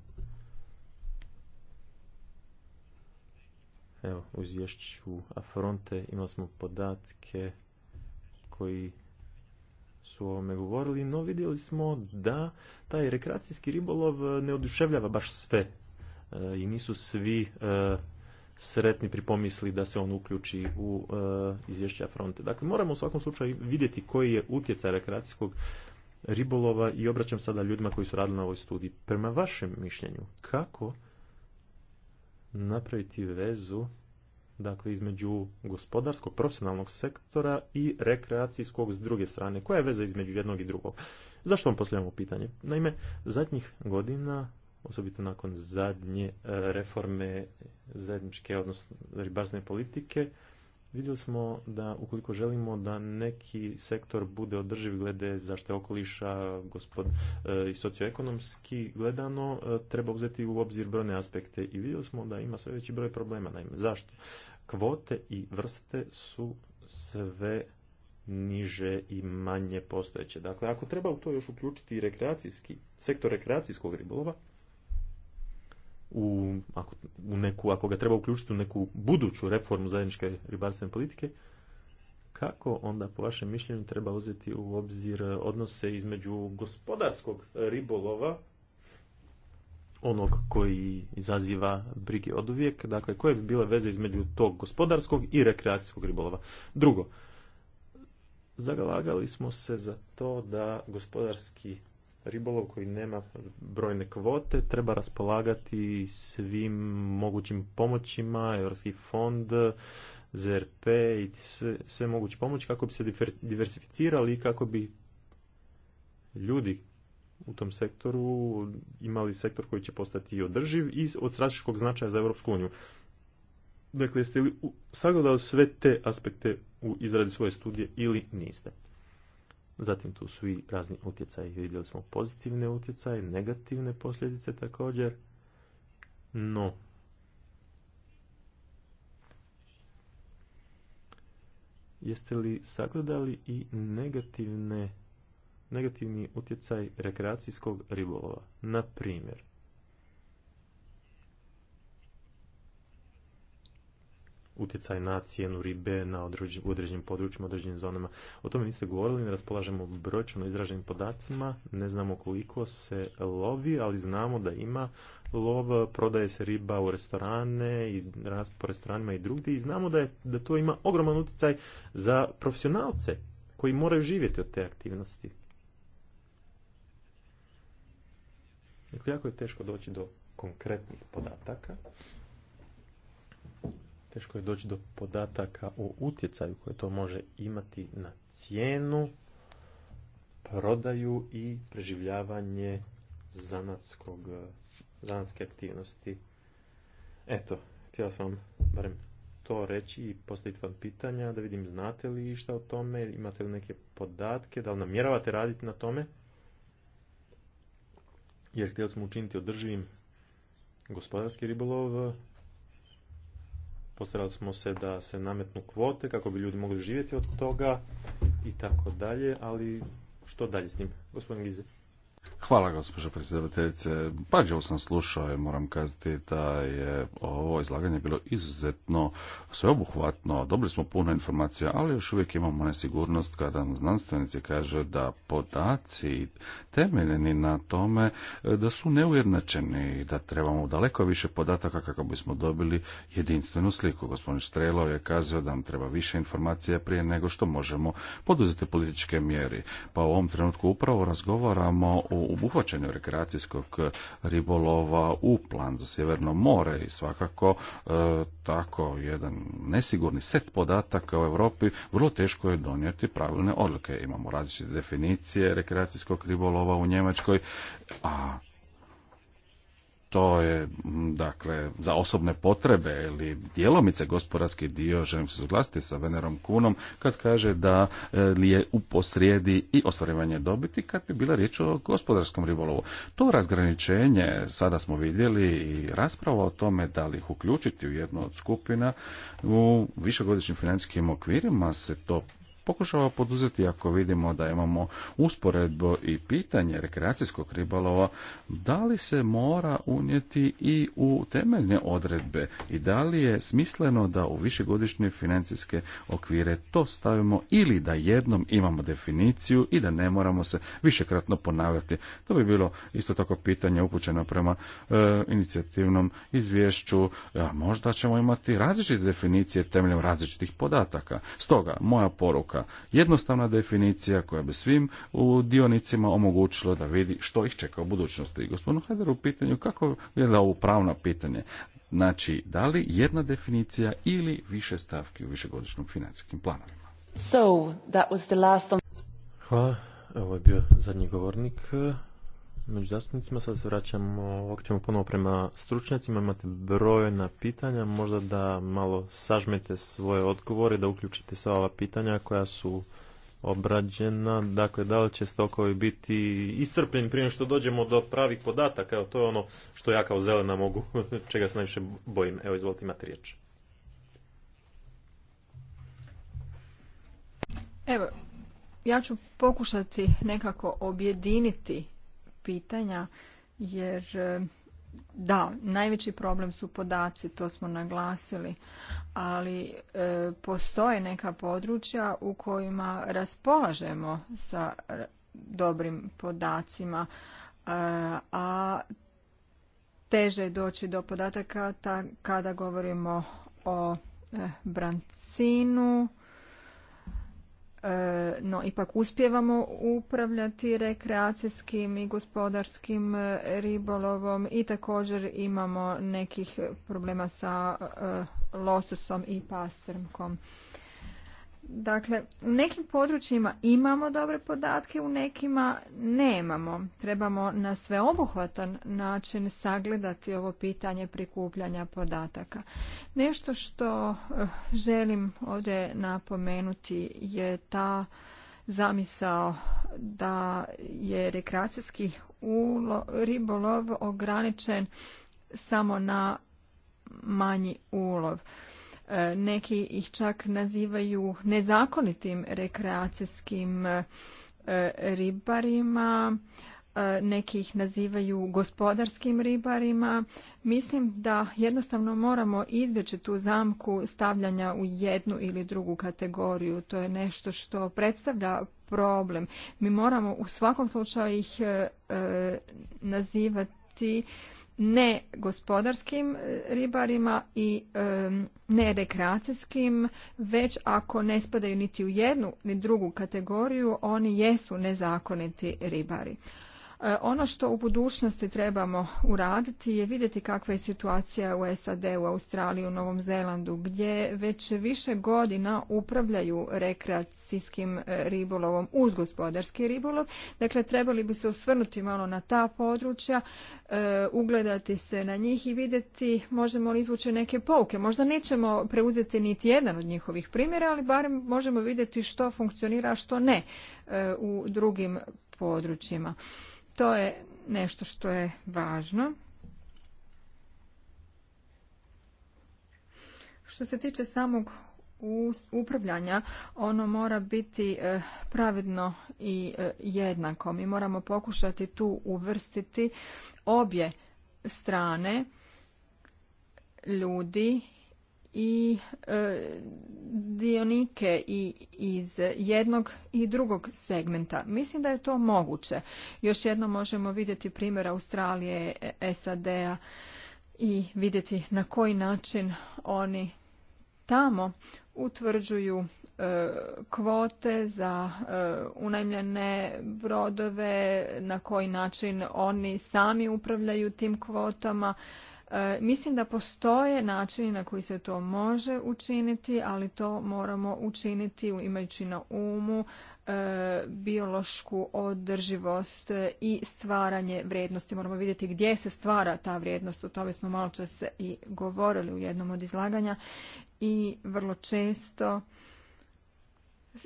C: Evo, u izvješću Afronte imali smo podatke koji su o ovome govorili, no vidjeli smo da taj rekreacijski ribolov e, ne oduševljava baš sve e, i nisu svi e, sretni pomisli da se on uključi u izvješća fronte. Dakle, moramo u svakom slučaju vidjeti koji je utjecaj rekreacijskog ribolova i obraćam sada ljudima koji su radili na ovoj studiji. Prema vašem mišljenju, kako napraviti vezu dakle između gospodarskog, profesionalnog sektora i rekreacijskog s druge strane. Koja je veza između jednog i drugog? Zašto vam postavljamo pitanje? Naime, zadnjih godina, osobito nakon zadnje e, reforme zajedničke, odnosno ribarstvene politike, Vidjeli smo da ukoliko želimo da neki sektor bude održiv glede zaštite okoliša gospod, e, i socioekonomski gledano, e, treba uzeti u obzir brojne aspekte i vidjeli smo da ima sve veći broj problema. Naime, zašto? Kvote i vrste su sve niže i manje postojeće. Dakle, ako treba u to još uključiti i rekreacijski, sektor rekreacijskog ribolova, u, ako, u neku, ako ga treba uključiti u neku buduću reformu zajedničke ribarstvene politike, kako onda po vašem mišljenju treba uzeti u obzir odnose između gospodarskog ribolova, onog koji izaziva brige od uvijek, dakle koje bi bile veze između tog gospodarskog i rekreacijskog ribolova. Drugo, zagalagali smo se za to da gospodarski ribolov koji nema brojne kvote treba raspolagati svim mogućim pomoćima, Europski fond, ZRP i sve, sve moguće pomoći kako bi se diversificirali i kako bi ljudi u tom sektoru imali sektor koji će postati i održiv i od strateškog značaja za Europsku uniju. Dakle, jeste li sagledali sve te aspekte u izradi svoje studije ili niste? Zatim tu su i razni utjecaji. Vidjeli smo pozitivne utjecaje, negativne posljedice također. No, jeste li sagledali i negativni utjecaj rekreacijskog ribolova? Na primjer, utjecaj na cijenu ribe na određenim područjima, određenim zonama. O tome niste govorili, ne raspolažemo brojčano izraženim podacima, ne znamo koliko se lovi, ali znamo da ima lov, prodaje se riba u restorane i po restoranima i drugdje i znamo da, je, da to ima ogroman utjecaj za profesionalce koji moraju živjeti od te aktivnosti. Dakle, jako je teško doći do konkretnih podataka teško je doći do podataka o utjecaju koje to može imati na cijenu, prodaju i preživljavanje zanatskog, eh, zanatske aktivnosti. Eto, htio sam vam barem to reći i postaviti vam pitanja, da vidim znate li išta o tome, imate li neke podatke, da li namjeravate raditi na tome, jer htjeli smo učiniti održivim gospodarski ribolov, postarali smo se da se nametnu kvote kako bi ljudi mogli živjeti od toga i tako dalje, ali što dalje s njim? Gospodin Gize.
A: Hvala, gospođo predsjedavateljice. Pađavo sam slušao i moram kazati da je ovo izlaganje bilo izuzetno sveobuhvatno. Dobili smo puno informacija, ali još uvijek imamo nesigurnost kada nam znanstvenici kaže da podaci temeljeni na tome da su neujednačeni i da trebamo daleko više podataka kako bismo dobili jedinstvenu sliku. Gospodin Štrelo je kazao da nam treba više informacija prije nego što možemo poduzeti političke mjeri. Pa u ovom trenutku upravo razgovaramo u obuhvaćanju rekreacijskog eh, ribolova u plan za Sjeverno more i svakako eh, tako jedan nesigurni set podataka u Europi vrlo teško je donijeti pravilne odluke. Imamo različite definicije rekreacijskog ribolova u Njemačkoj, a to je dakle za osobne potrebe ili djelomice gospodarski dio, želim se suglasiti sa Venerom Kunom, kad kaže da e, li je u posrijedi i ostvarivanje dobiti kad bi bila riječ o gospodarskom ribolovu. To razgraničenje sada smo vidjeli i rasprava o tome da li ih uključiti u jednu od skupina u višegodišnjim financijskim okvirima se to pokušava poduzeti ako vidimo da imamo usporedbu i pitanje rekreacijskog ribolova, da li se mora unijeti i u temeljne odredbe i da li je smisleno da u višegodišnje financijske okvire to stavimo ili da jednom imamo definiciju i da ne moramo se višekratno ponavljati. To bi bilo isto tako pitanje upućeno prema e, inicijativnom izvješću. A možda ćemo imati različite definicije temeljem različitih podataka. Stoga, moja poruka Jednostavna definicija koja bi svim u dionicima omogućila da vidi što ih čeka u budućnosti. I gospodinu Hajderu u pitanju kako je da ovo pravno pitanje. Znači, da li jedna definicija ili više stavki u višegodišnjim financijskim planovima? So,
C: Hvala, ovo je bio zadnji govornik među zastupnicima. Sad se vraćamo, ovako ćemo ponovo prema stručnjacima. Imate brojna pitanja, možda da malo sažmete svoje odgovore, da uključite sva ova pitanja koja su obrađena. Dakle, da li će stokovi biti iscrpljeni prije što dođemo do pravih podataka? Evo, to je ono što ja kao zelena mogu, čega se najviše bojim. Evo, izvolite, imate riječ.
B: Evo, ja ću pokušati nekako objediniti pitanja jer e, da, najveći problem su podaci, to smo naglasili, ali e, postoje neka područja u kojima raspolažemo sa e, dobrim podacima, a teže je doći do podataka kada govorimo o e, brancinu, E, no ipak uspijevamo upravljati rekreacijskim i gospodarskim e, ribolovom i također imamo nekih problema sa e, lososom i pastrmkom. Dakle, u nekim područjima imamo dobre podatke, u nekima nemamo. Trebamo na sveobuhvatan način sagledati ovo pitanje prikupljanja podataka. Nešto što eh, želim ovdje napomenuti je ta zamisao da je rekreacijski ribolov ograničen samo na manji ulov. E, neki ih čak nazivaju nezakonitim rekreacijskim e, ribarima, e, neki ih nazivaju gospodarskim ribarima. Mislim da jednostavno moramo izbjeći tu zamku stavljanja u jednu ili drugu kategoriju. To je nešto što predstavlja problem. Mi moramo u svakom slučaju ih nazivati ne gospodarskim e, ribarima i e, ne rekreacijskim, već ako ne spadaju niti u jednu ni drugu kategoriju, oni jesu nezakoniti ribari. E, ono što u budućnosti trebamo uraditi je vidjeti kakva je situacija u SAD, u Australiji, u Novom Zelandu, gdje već više godina upravljaju rekreacijskim e, ribolovom uz gospodarski ribolov. Dakle, trebali bi se osvrnuti malo na ta područja, e, ugledati se na njih i vidjeti možemo li izvući neke pouke. Možda nećemo preuzeti niti jedan od njihovih primjera, ali barem možemo vidjeti što funkcionira, a što ne u drugim područjima. To je nešto što je važno. Što se tiče samog upravljanja, ono mora biti e, pravedno i e, jednako. Mi moramo pokušati tu uvrstiti obje strane ljudi i e, dionike i iz jednog i drugog segmenta. Mislim da je to moguće. Još jednom možemo vidjeti primjer Australije, SAD-a i vidjeti na koji način oni tamo utvrđuju e, kvote za e, unajmljene brodove, na koji način oni sami upravljaju tim kvotama E, mislim da postoje načini na koji se to može učiniti, ali to moramo učiniti imajući na umu e, biološku održivost i stvaranje vrijednosti. Moramo vidjeti gdje se stvara ta vrijednost, o tome smo malo čas i govorili u jednom od izlaganja i vrlo često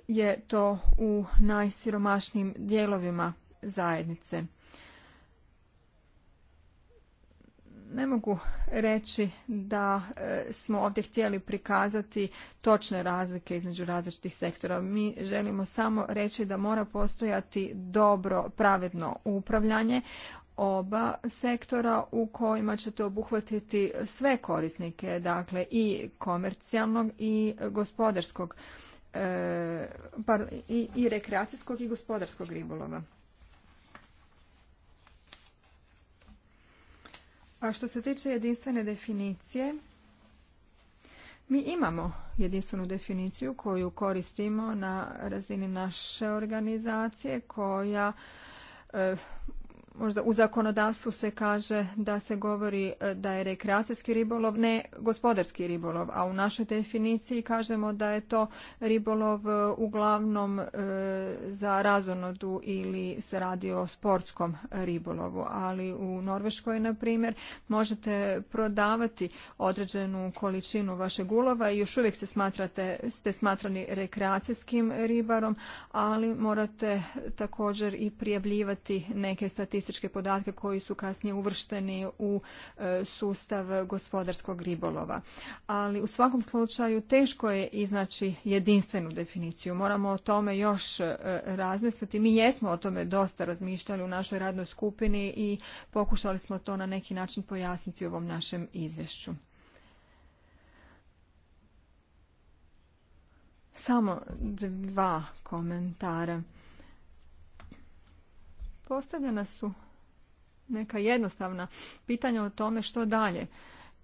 B: je to u najsiromašnijim dijelovima zajednice. ne mogu reći da e, smo ovdje htjeli prikazati točne razlike između različitih sektora. Mi želimo samo reći da mora postojati dobro, pravedno upravljanje oba sektora u kojima ćete obuhvatiti sve korisnike, dakle i komercijalnog i gospodarskog e, i, i rekreacijskog i gospodarskog ribolova. A što se tiče jedinstvene definicije, mi imamo jedinstvenu definiciju koju koristimo na razini naše organizacije koja eh, možda u zakonodavstvu se kaže da se govori e, da je rekreacijski ribolov, ne gospodarski ribolov, a u našoj definiciji kažemo da je to ribolov e, uglavnom e, za razonodu ili se radi o sportskom ribolovu, ali u Norveškoj, na primjer, možete prodavati određenu količinu vašeg ulova i još uvijek se smatrate, ste smatrani rekreacijskim ribarom, ali morate također i prijavljivati neke statistike statističke podatke koji su kasnije uvršteni u e, sustav gospodarskog ribolova. Ali u svakom slučaju teško je iznaći jedinstvenu definiciju. Moramo o tome još e, razmisliti. Mi jesmo o tome dosta razmišljali u našoj radnoj skupini i pokušali smo to na neki način pojasniti u ovom našem izvješću. Samo dva komentara. Postavljena su neka jednostavna pitanja o tome što dalje.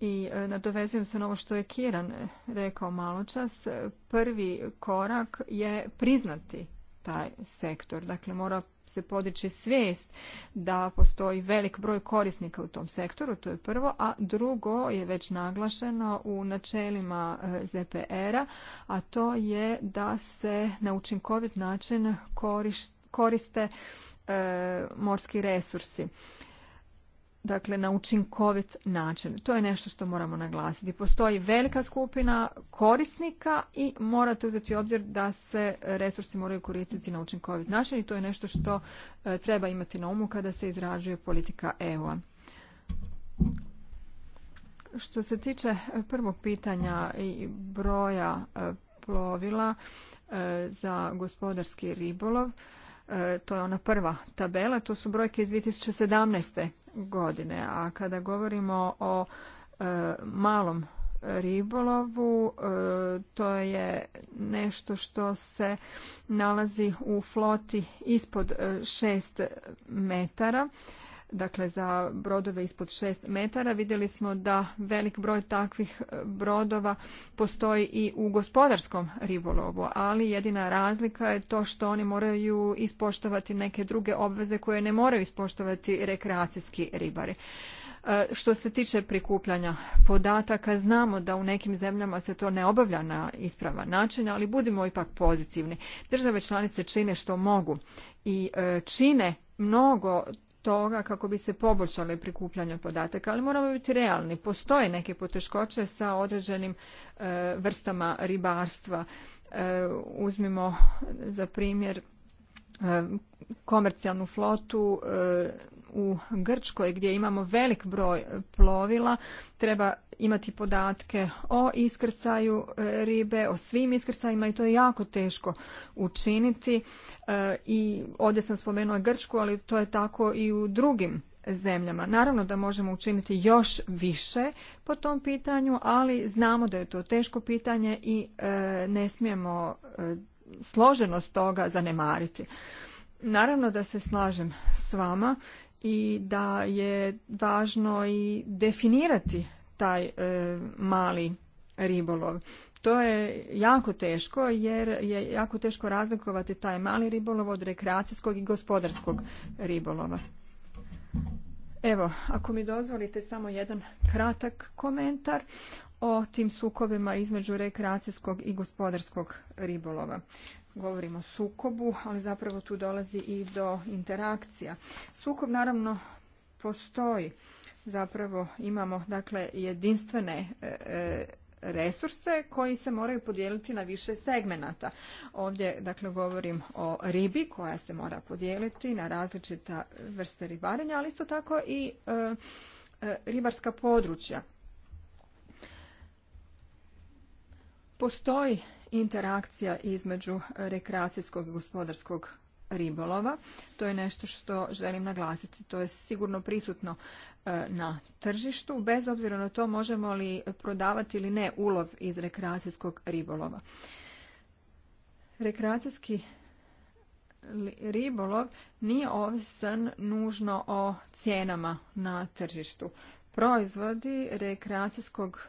B: I e, nadovezujem se na ovo što je Kiran rekao malo čas. Prvi korak je priznati taj sektor. Dakle, mora se podići svijest da postoji velik broj korisnika u tom sektoru, to je prvo, a drugo je već naglašeno u načelima e, ZPR-a, a to je da se na učinkovit način koriste E, morski resursi dakle na učinkovit način. To je nešto što moramo naglasiti. Postoji velika skupina korisnika i morate uzeti u obzir da se resursi moraju koristiti na učinkovit način i to je nešto što e, treba imati na umu kada se izrađuje politika EU-a. Što se tiče e, prvog pitanja i broja plovila za gospodarski ribolov, E, to je ona prva tabela, to su brojke iz 2017. godine, a kada govorimo o e, malom ribolovu, e, to je nešto što se nalazi u floti ispod 6 metara dakle za brodove ispod 6 metara. Vidjeli smo da velik broj takvih e, brodova postoji i u gospodarskom ribolovu, ali jedina razlika je to što oni moraju ispoštovati neke druge obveze koje ne moraju ispoštovati rekreacijski ribari. E, što se tiče prikupljanja podataka, znamo da u nekim zemljama se to ne obavlja na ispravan način, ali budimo ipak pozitivni. Države članice čine što mogu i e, čine mnogo toga kako bi se poboljšale prikupljanje podataka, ali moramo biti realni. Postoje neke poteškoće sa određenim e, vrstama ribarstva. E, uzmimo za primjer e, komercijalnu flotu u Grčkoj gdje imamo velik broj plovila treba imati podatke o iskrcaju e, ribe, o svim iskrcajima i to je jako teško učiniti e, i ovdje sam spomenula Grčku, ali to je tako i u drugim zemljama. Naravno da možemo učiniti još više po tom pitanju, ali znamo da je to teško pitanje i e, ne smijemo složenost toga zanemariti. Naravno da se slažem s vama i da je važno i definirati taj e, mali ribolov. To je jako teško jer je jako teško razlikovati taj mali ribolov od rekreacijskog i gospodarskog ribolova. Evo, ako mi dozvolite samo jedan kratak komentar o tim sukovima između rekreacijskog i gospodarskog ribolova govorimo o sukobu, ali zapravo tu dolazi i do interakcija. Sukob naravno postoji. Zapravo imamo dakle jedinstvene e, e, resurse koji se moraju podijeliti na više segmenata. Ovdje dakle govorim o ribi koja se mora podijeliti na različita vrste ribarenja, ali isto tako i e, ribarska područja. Postoji interakcija između rekreacijskog i gospodarskog ribolova. To je nešto što želim naglasiti. To je sigurno prisutno e, na tržištu, bez obzira na to možemo li prodavati ili ne ulov iz rekreacijskog ribolova. Rekreacijski ribolov nije ovisan nužno o cijenama na tržištu. Proizvodi rekreacijskog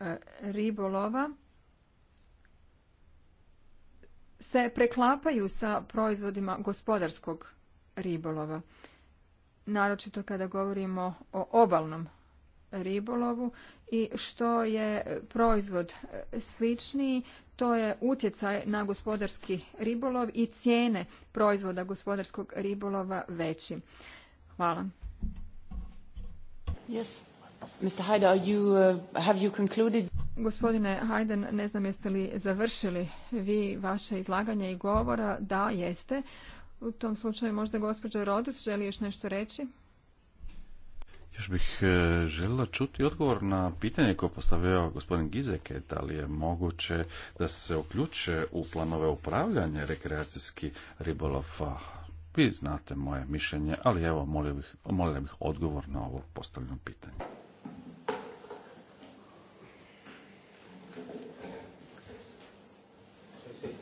B: e, ribolova se preklapaju sa proizvodima gospodarskog ribolova. Naročito kada govorimo o obalnom ribolovu i što je proizvod sličniji, to je utjecaj na gospodarski ribolov i cijene proizvoda gospodarskog ribolova veći. Hvala. Yes.
A: Mr. Haider, you, uh, have you concluded?
B: Gospodine Hajden, ne znam jeste li završili vi vaše izlaganje i govora. Da, jeste. U tom slučaju možda gospođa Rodus želi još nešto reći?
A: Još bih e, željela čuti odgovor na pitanje koje postavio gospodin Gizek. da li je moguće da se uključe u planove upravljanja rekreacijski ribolov. Vi znate moje mišljenje, ali evo molim bih, molio bih odgovor na ovo postavljeno pitanje.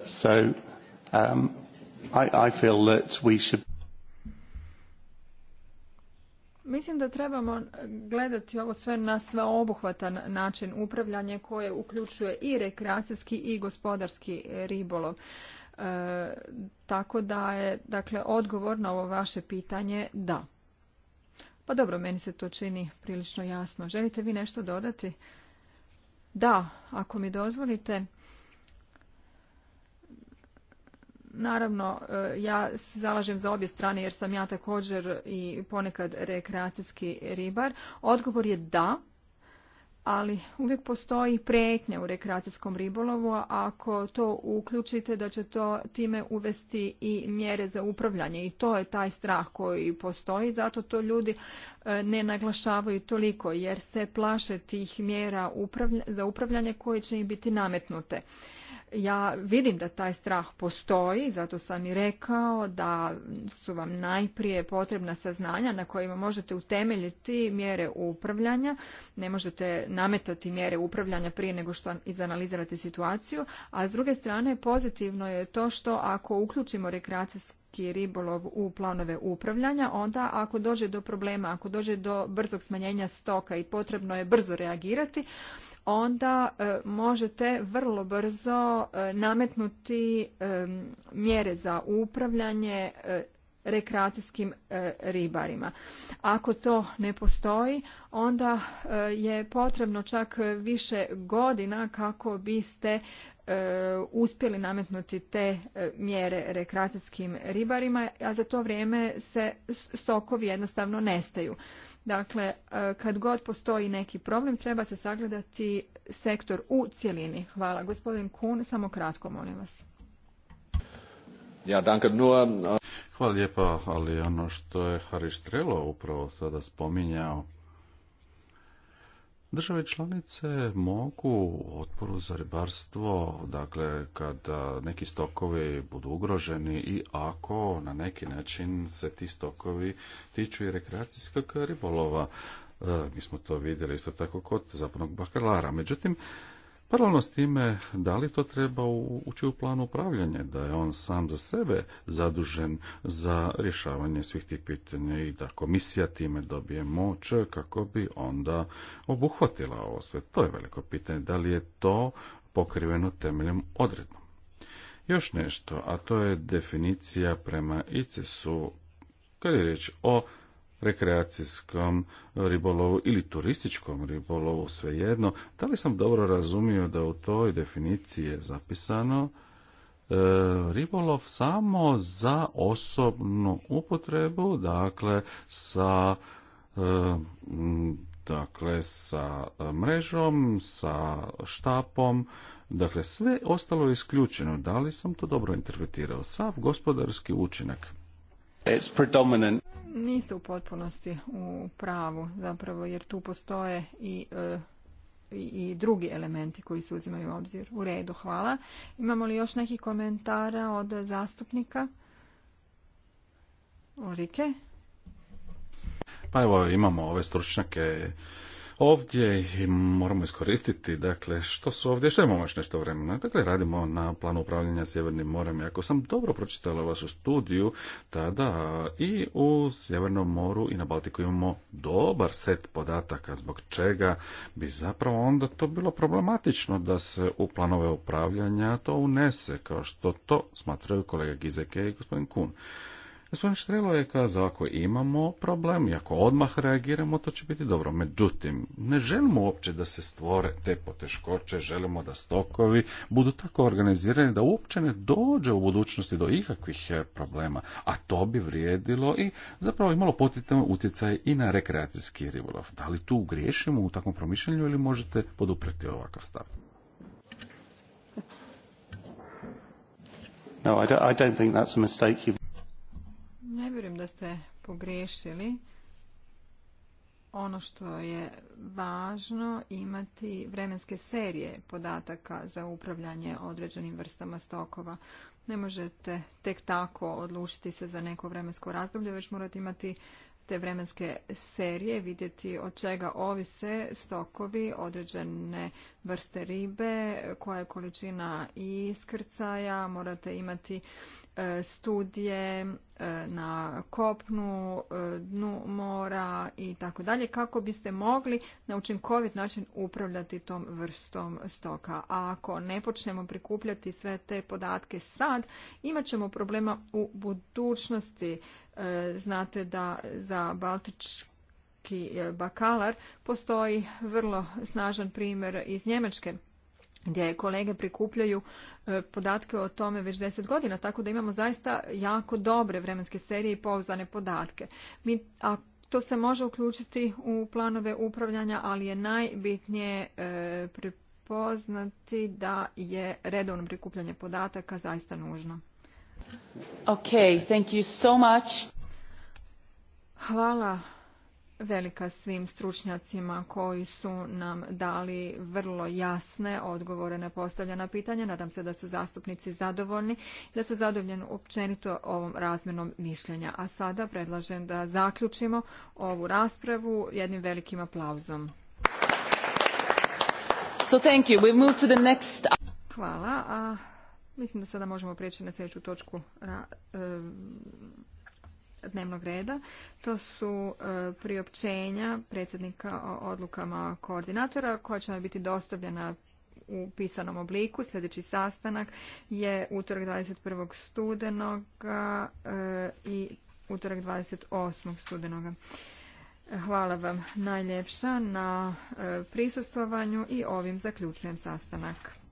A: So um, I, I feel that we should...
B: Mislim da trebamo gledati ovo sve na sveobuhvatan način upravljanja koje uključuje i rekreacijski i gospodarski ribolov. E, tako da je dakle, odgovor na ovo vaše pitanje da. Pa dobro, meni se to čini prilično jasno. Želite vi nešto dodati? Da, ako mi dozvolite. Naravno, e, ja se zalažem za obje strane jer sam ja također i ponekad rekreacijski ribar. Odgovor je da, ali uvijek postoji prijetnja u rekreacijskom ribolovu, ako to uključite da će to time uvesti i mjere za upravljanje i to je taj strah koji postoji, zato to ljudi e, ne naglašavaju toliko jer se plaše tih mjera za upravljanje koje će im biti nametnute ja vidim da taj strah postoji, zato sam i rekao da su vam najprije potrebna saznanja na kojima možete utemeljiti mjere upravljanja. Ne možete nametati mjere upravljanja prije nego što izanalizirate situaciju, a s druge strane pozitivno je to što ako uključimo rekreacijski ribolov u planove upravljanja, onda ako dođe do problema, ako dođe do brzog smanjenja stoka i potrebno je brzo reagirati, onda e, možete vrlo brzo e, nametnuti e, mjere za upravljanje rekreacijskim ribarima. Ako to ne postoji, onda je potrebno čak više godina kako biste uspjeli nametnuti te mjere rekreacijskim ribarima, a za to vrijeme se stokovi jednostavno nestaju. Dakle, e, kad god postoji neki problem, treba se sagledati sektor u cjelini. Hvala. Gospodin Kun, samo kratko, molim vas.
A: Hvala lijepa, ali ono što je Hariš Trelo upravo sada spominjao, Države članice mogu otporu za ribarstvo, dakle kada neki stokovi budu ugroženi i ako na neki način se ti stokovi tiču i rekreacijskog ribolova. E, mi smo to vidjeli isto tako kod zapadnog bakalara. Međutim, Paralelno s time, da li to treba ući u plan upravljanja, da je on sam za sebe zadužen za rješavanje svih tih pitanja i da komisija time dobije moć kako bi onda obuhvatila ovo sve. To je veliko pitanje, da li je to pokriveno temeljem odredbom. Još nešto, a to je definicija prema ICES-u, kad je riječ o rekreacijskom ribolovu ili turističkom ribolovu, svejedno. Da li sam dobro razumio da u toj definiciji je zapisano e, ribolov samo za osobnu upotrebu, dakle sa e, dakle sa mrežom, sa štapom, dakle sve ostalo je isključeno. Da li sam to dobro interpretirao? Sav gospodarski učinak. It's predominant
B: niste u potpunosti u pravu zapravo jer tu postoje e, i i drugi elementi koji se uzimaju u obzir. U redu, hvala. Imamo li još nekih komentara od zastupnika? Ulrike?
A: Pa evo, imamo ove stručnjake ovdje moramo iskoristiti, dakle, što su ovdje, što imamo još nešto vremena. Dakle, radimo na planu upravljanja Sjevernim morem. I ako sam dobro pročitala vašu studiju, tada i u Sjevernom moru i na Baltiku imamo dobar set podataka, zbog čega bi zapravo onda to bilo problematično da se u planove upravljanja to unese, kao što to smatraju kolega Gizeke i gospodin Kun. Gospodin Štrelo je kazao, ako imamo problem i ako odmah reagiramo, to će biti dobro. Međutim, ne želimo uopće da se stvore te poteškoće, želimo da stokovi budu tako organizirani da uopće ne dođe u budućnosti do ikakvih e, problema, a to bi vrijedilo i zapravo imalo poticajan utjecaj i na rekreacijski ribolov. Da li tu griješimo u takvom promišljenju ili možete podupreti ovakav stav? No, I don't, I think that's a
C: mistake.
B: Ne vjerujem da ste pogriješili. Ono što je važno imati vremenske serije podataka za upravljanje određenim vrstama stokova. Ne možete tek tako odlučiti se za neko vremensko razdoblje, već morate imati te vremenske serije, vidjeti od čega ovise stokovi, određene vrste ribe, koja je količina iskrcaja, morate imati studije e, na kopnu, e, dnu mora i tako dalje kako biste mogli na učinkovit način upravljati tom vrstom stoka. A ako ne počnemo prikupljati sve te podatke sad, imat ćemo problema u budućnosti. E, znate da za Baltičku bakalar postoji vrlo snažan primjer iz Njemačke gdje kolege prikupljaju e, podatke o tome već deset godina, tako da imamo zaista jako dobre vremenske serije i pouzdane podatke. Mi, a to se može uključiti u planove upravljanja, ali je najbitnije e, prepoznati da je redovno prikupljanje podataka zaista nužno.
A: Okay, thank you so much.
B: Hvala velika svim stručnjacima koji su nam dali vrlo jasne odgovore na postavljena pitanja. Nadam se da su zastupnici zadovoljni, i da su zadovoljni općenito ovom razmenom mišljenja. A sada predlažem da zaključimo ovu raspravu jednim velikim aplauzom. So Hvala. A mislim da sada možemo prijeći na sljedeću točku dnevnog reda. To su e, priopćenja predsjednika o odlukama koordinatora koja će nam biti dostavljena u pisanom obliku. Sljedeći sastanak je utorak 21. studenoga e, i utorak 28. studenoga. Hvala vam najljepša na e, prisustvovanju i ovim zaključujem sastanak.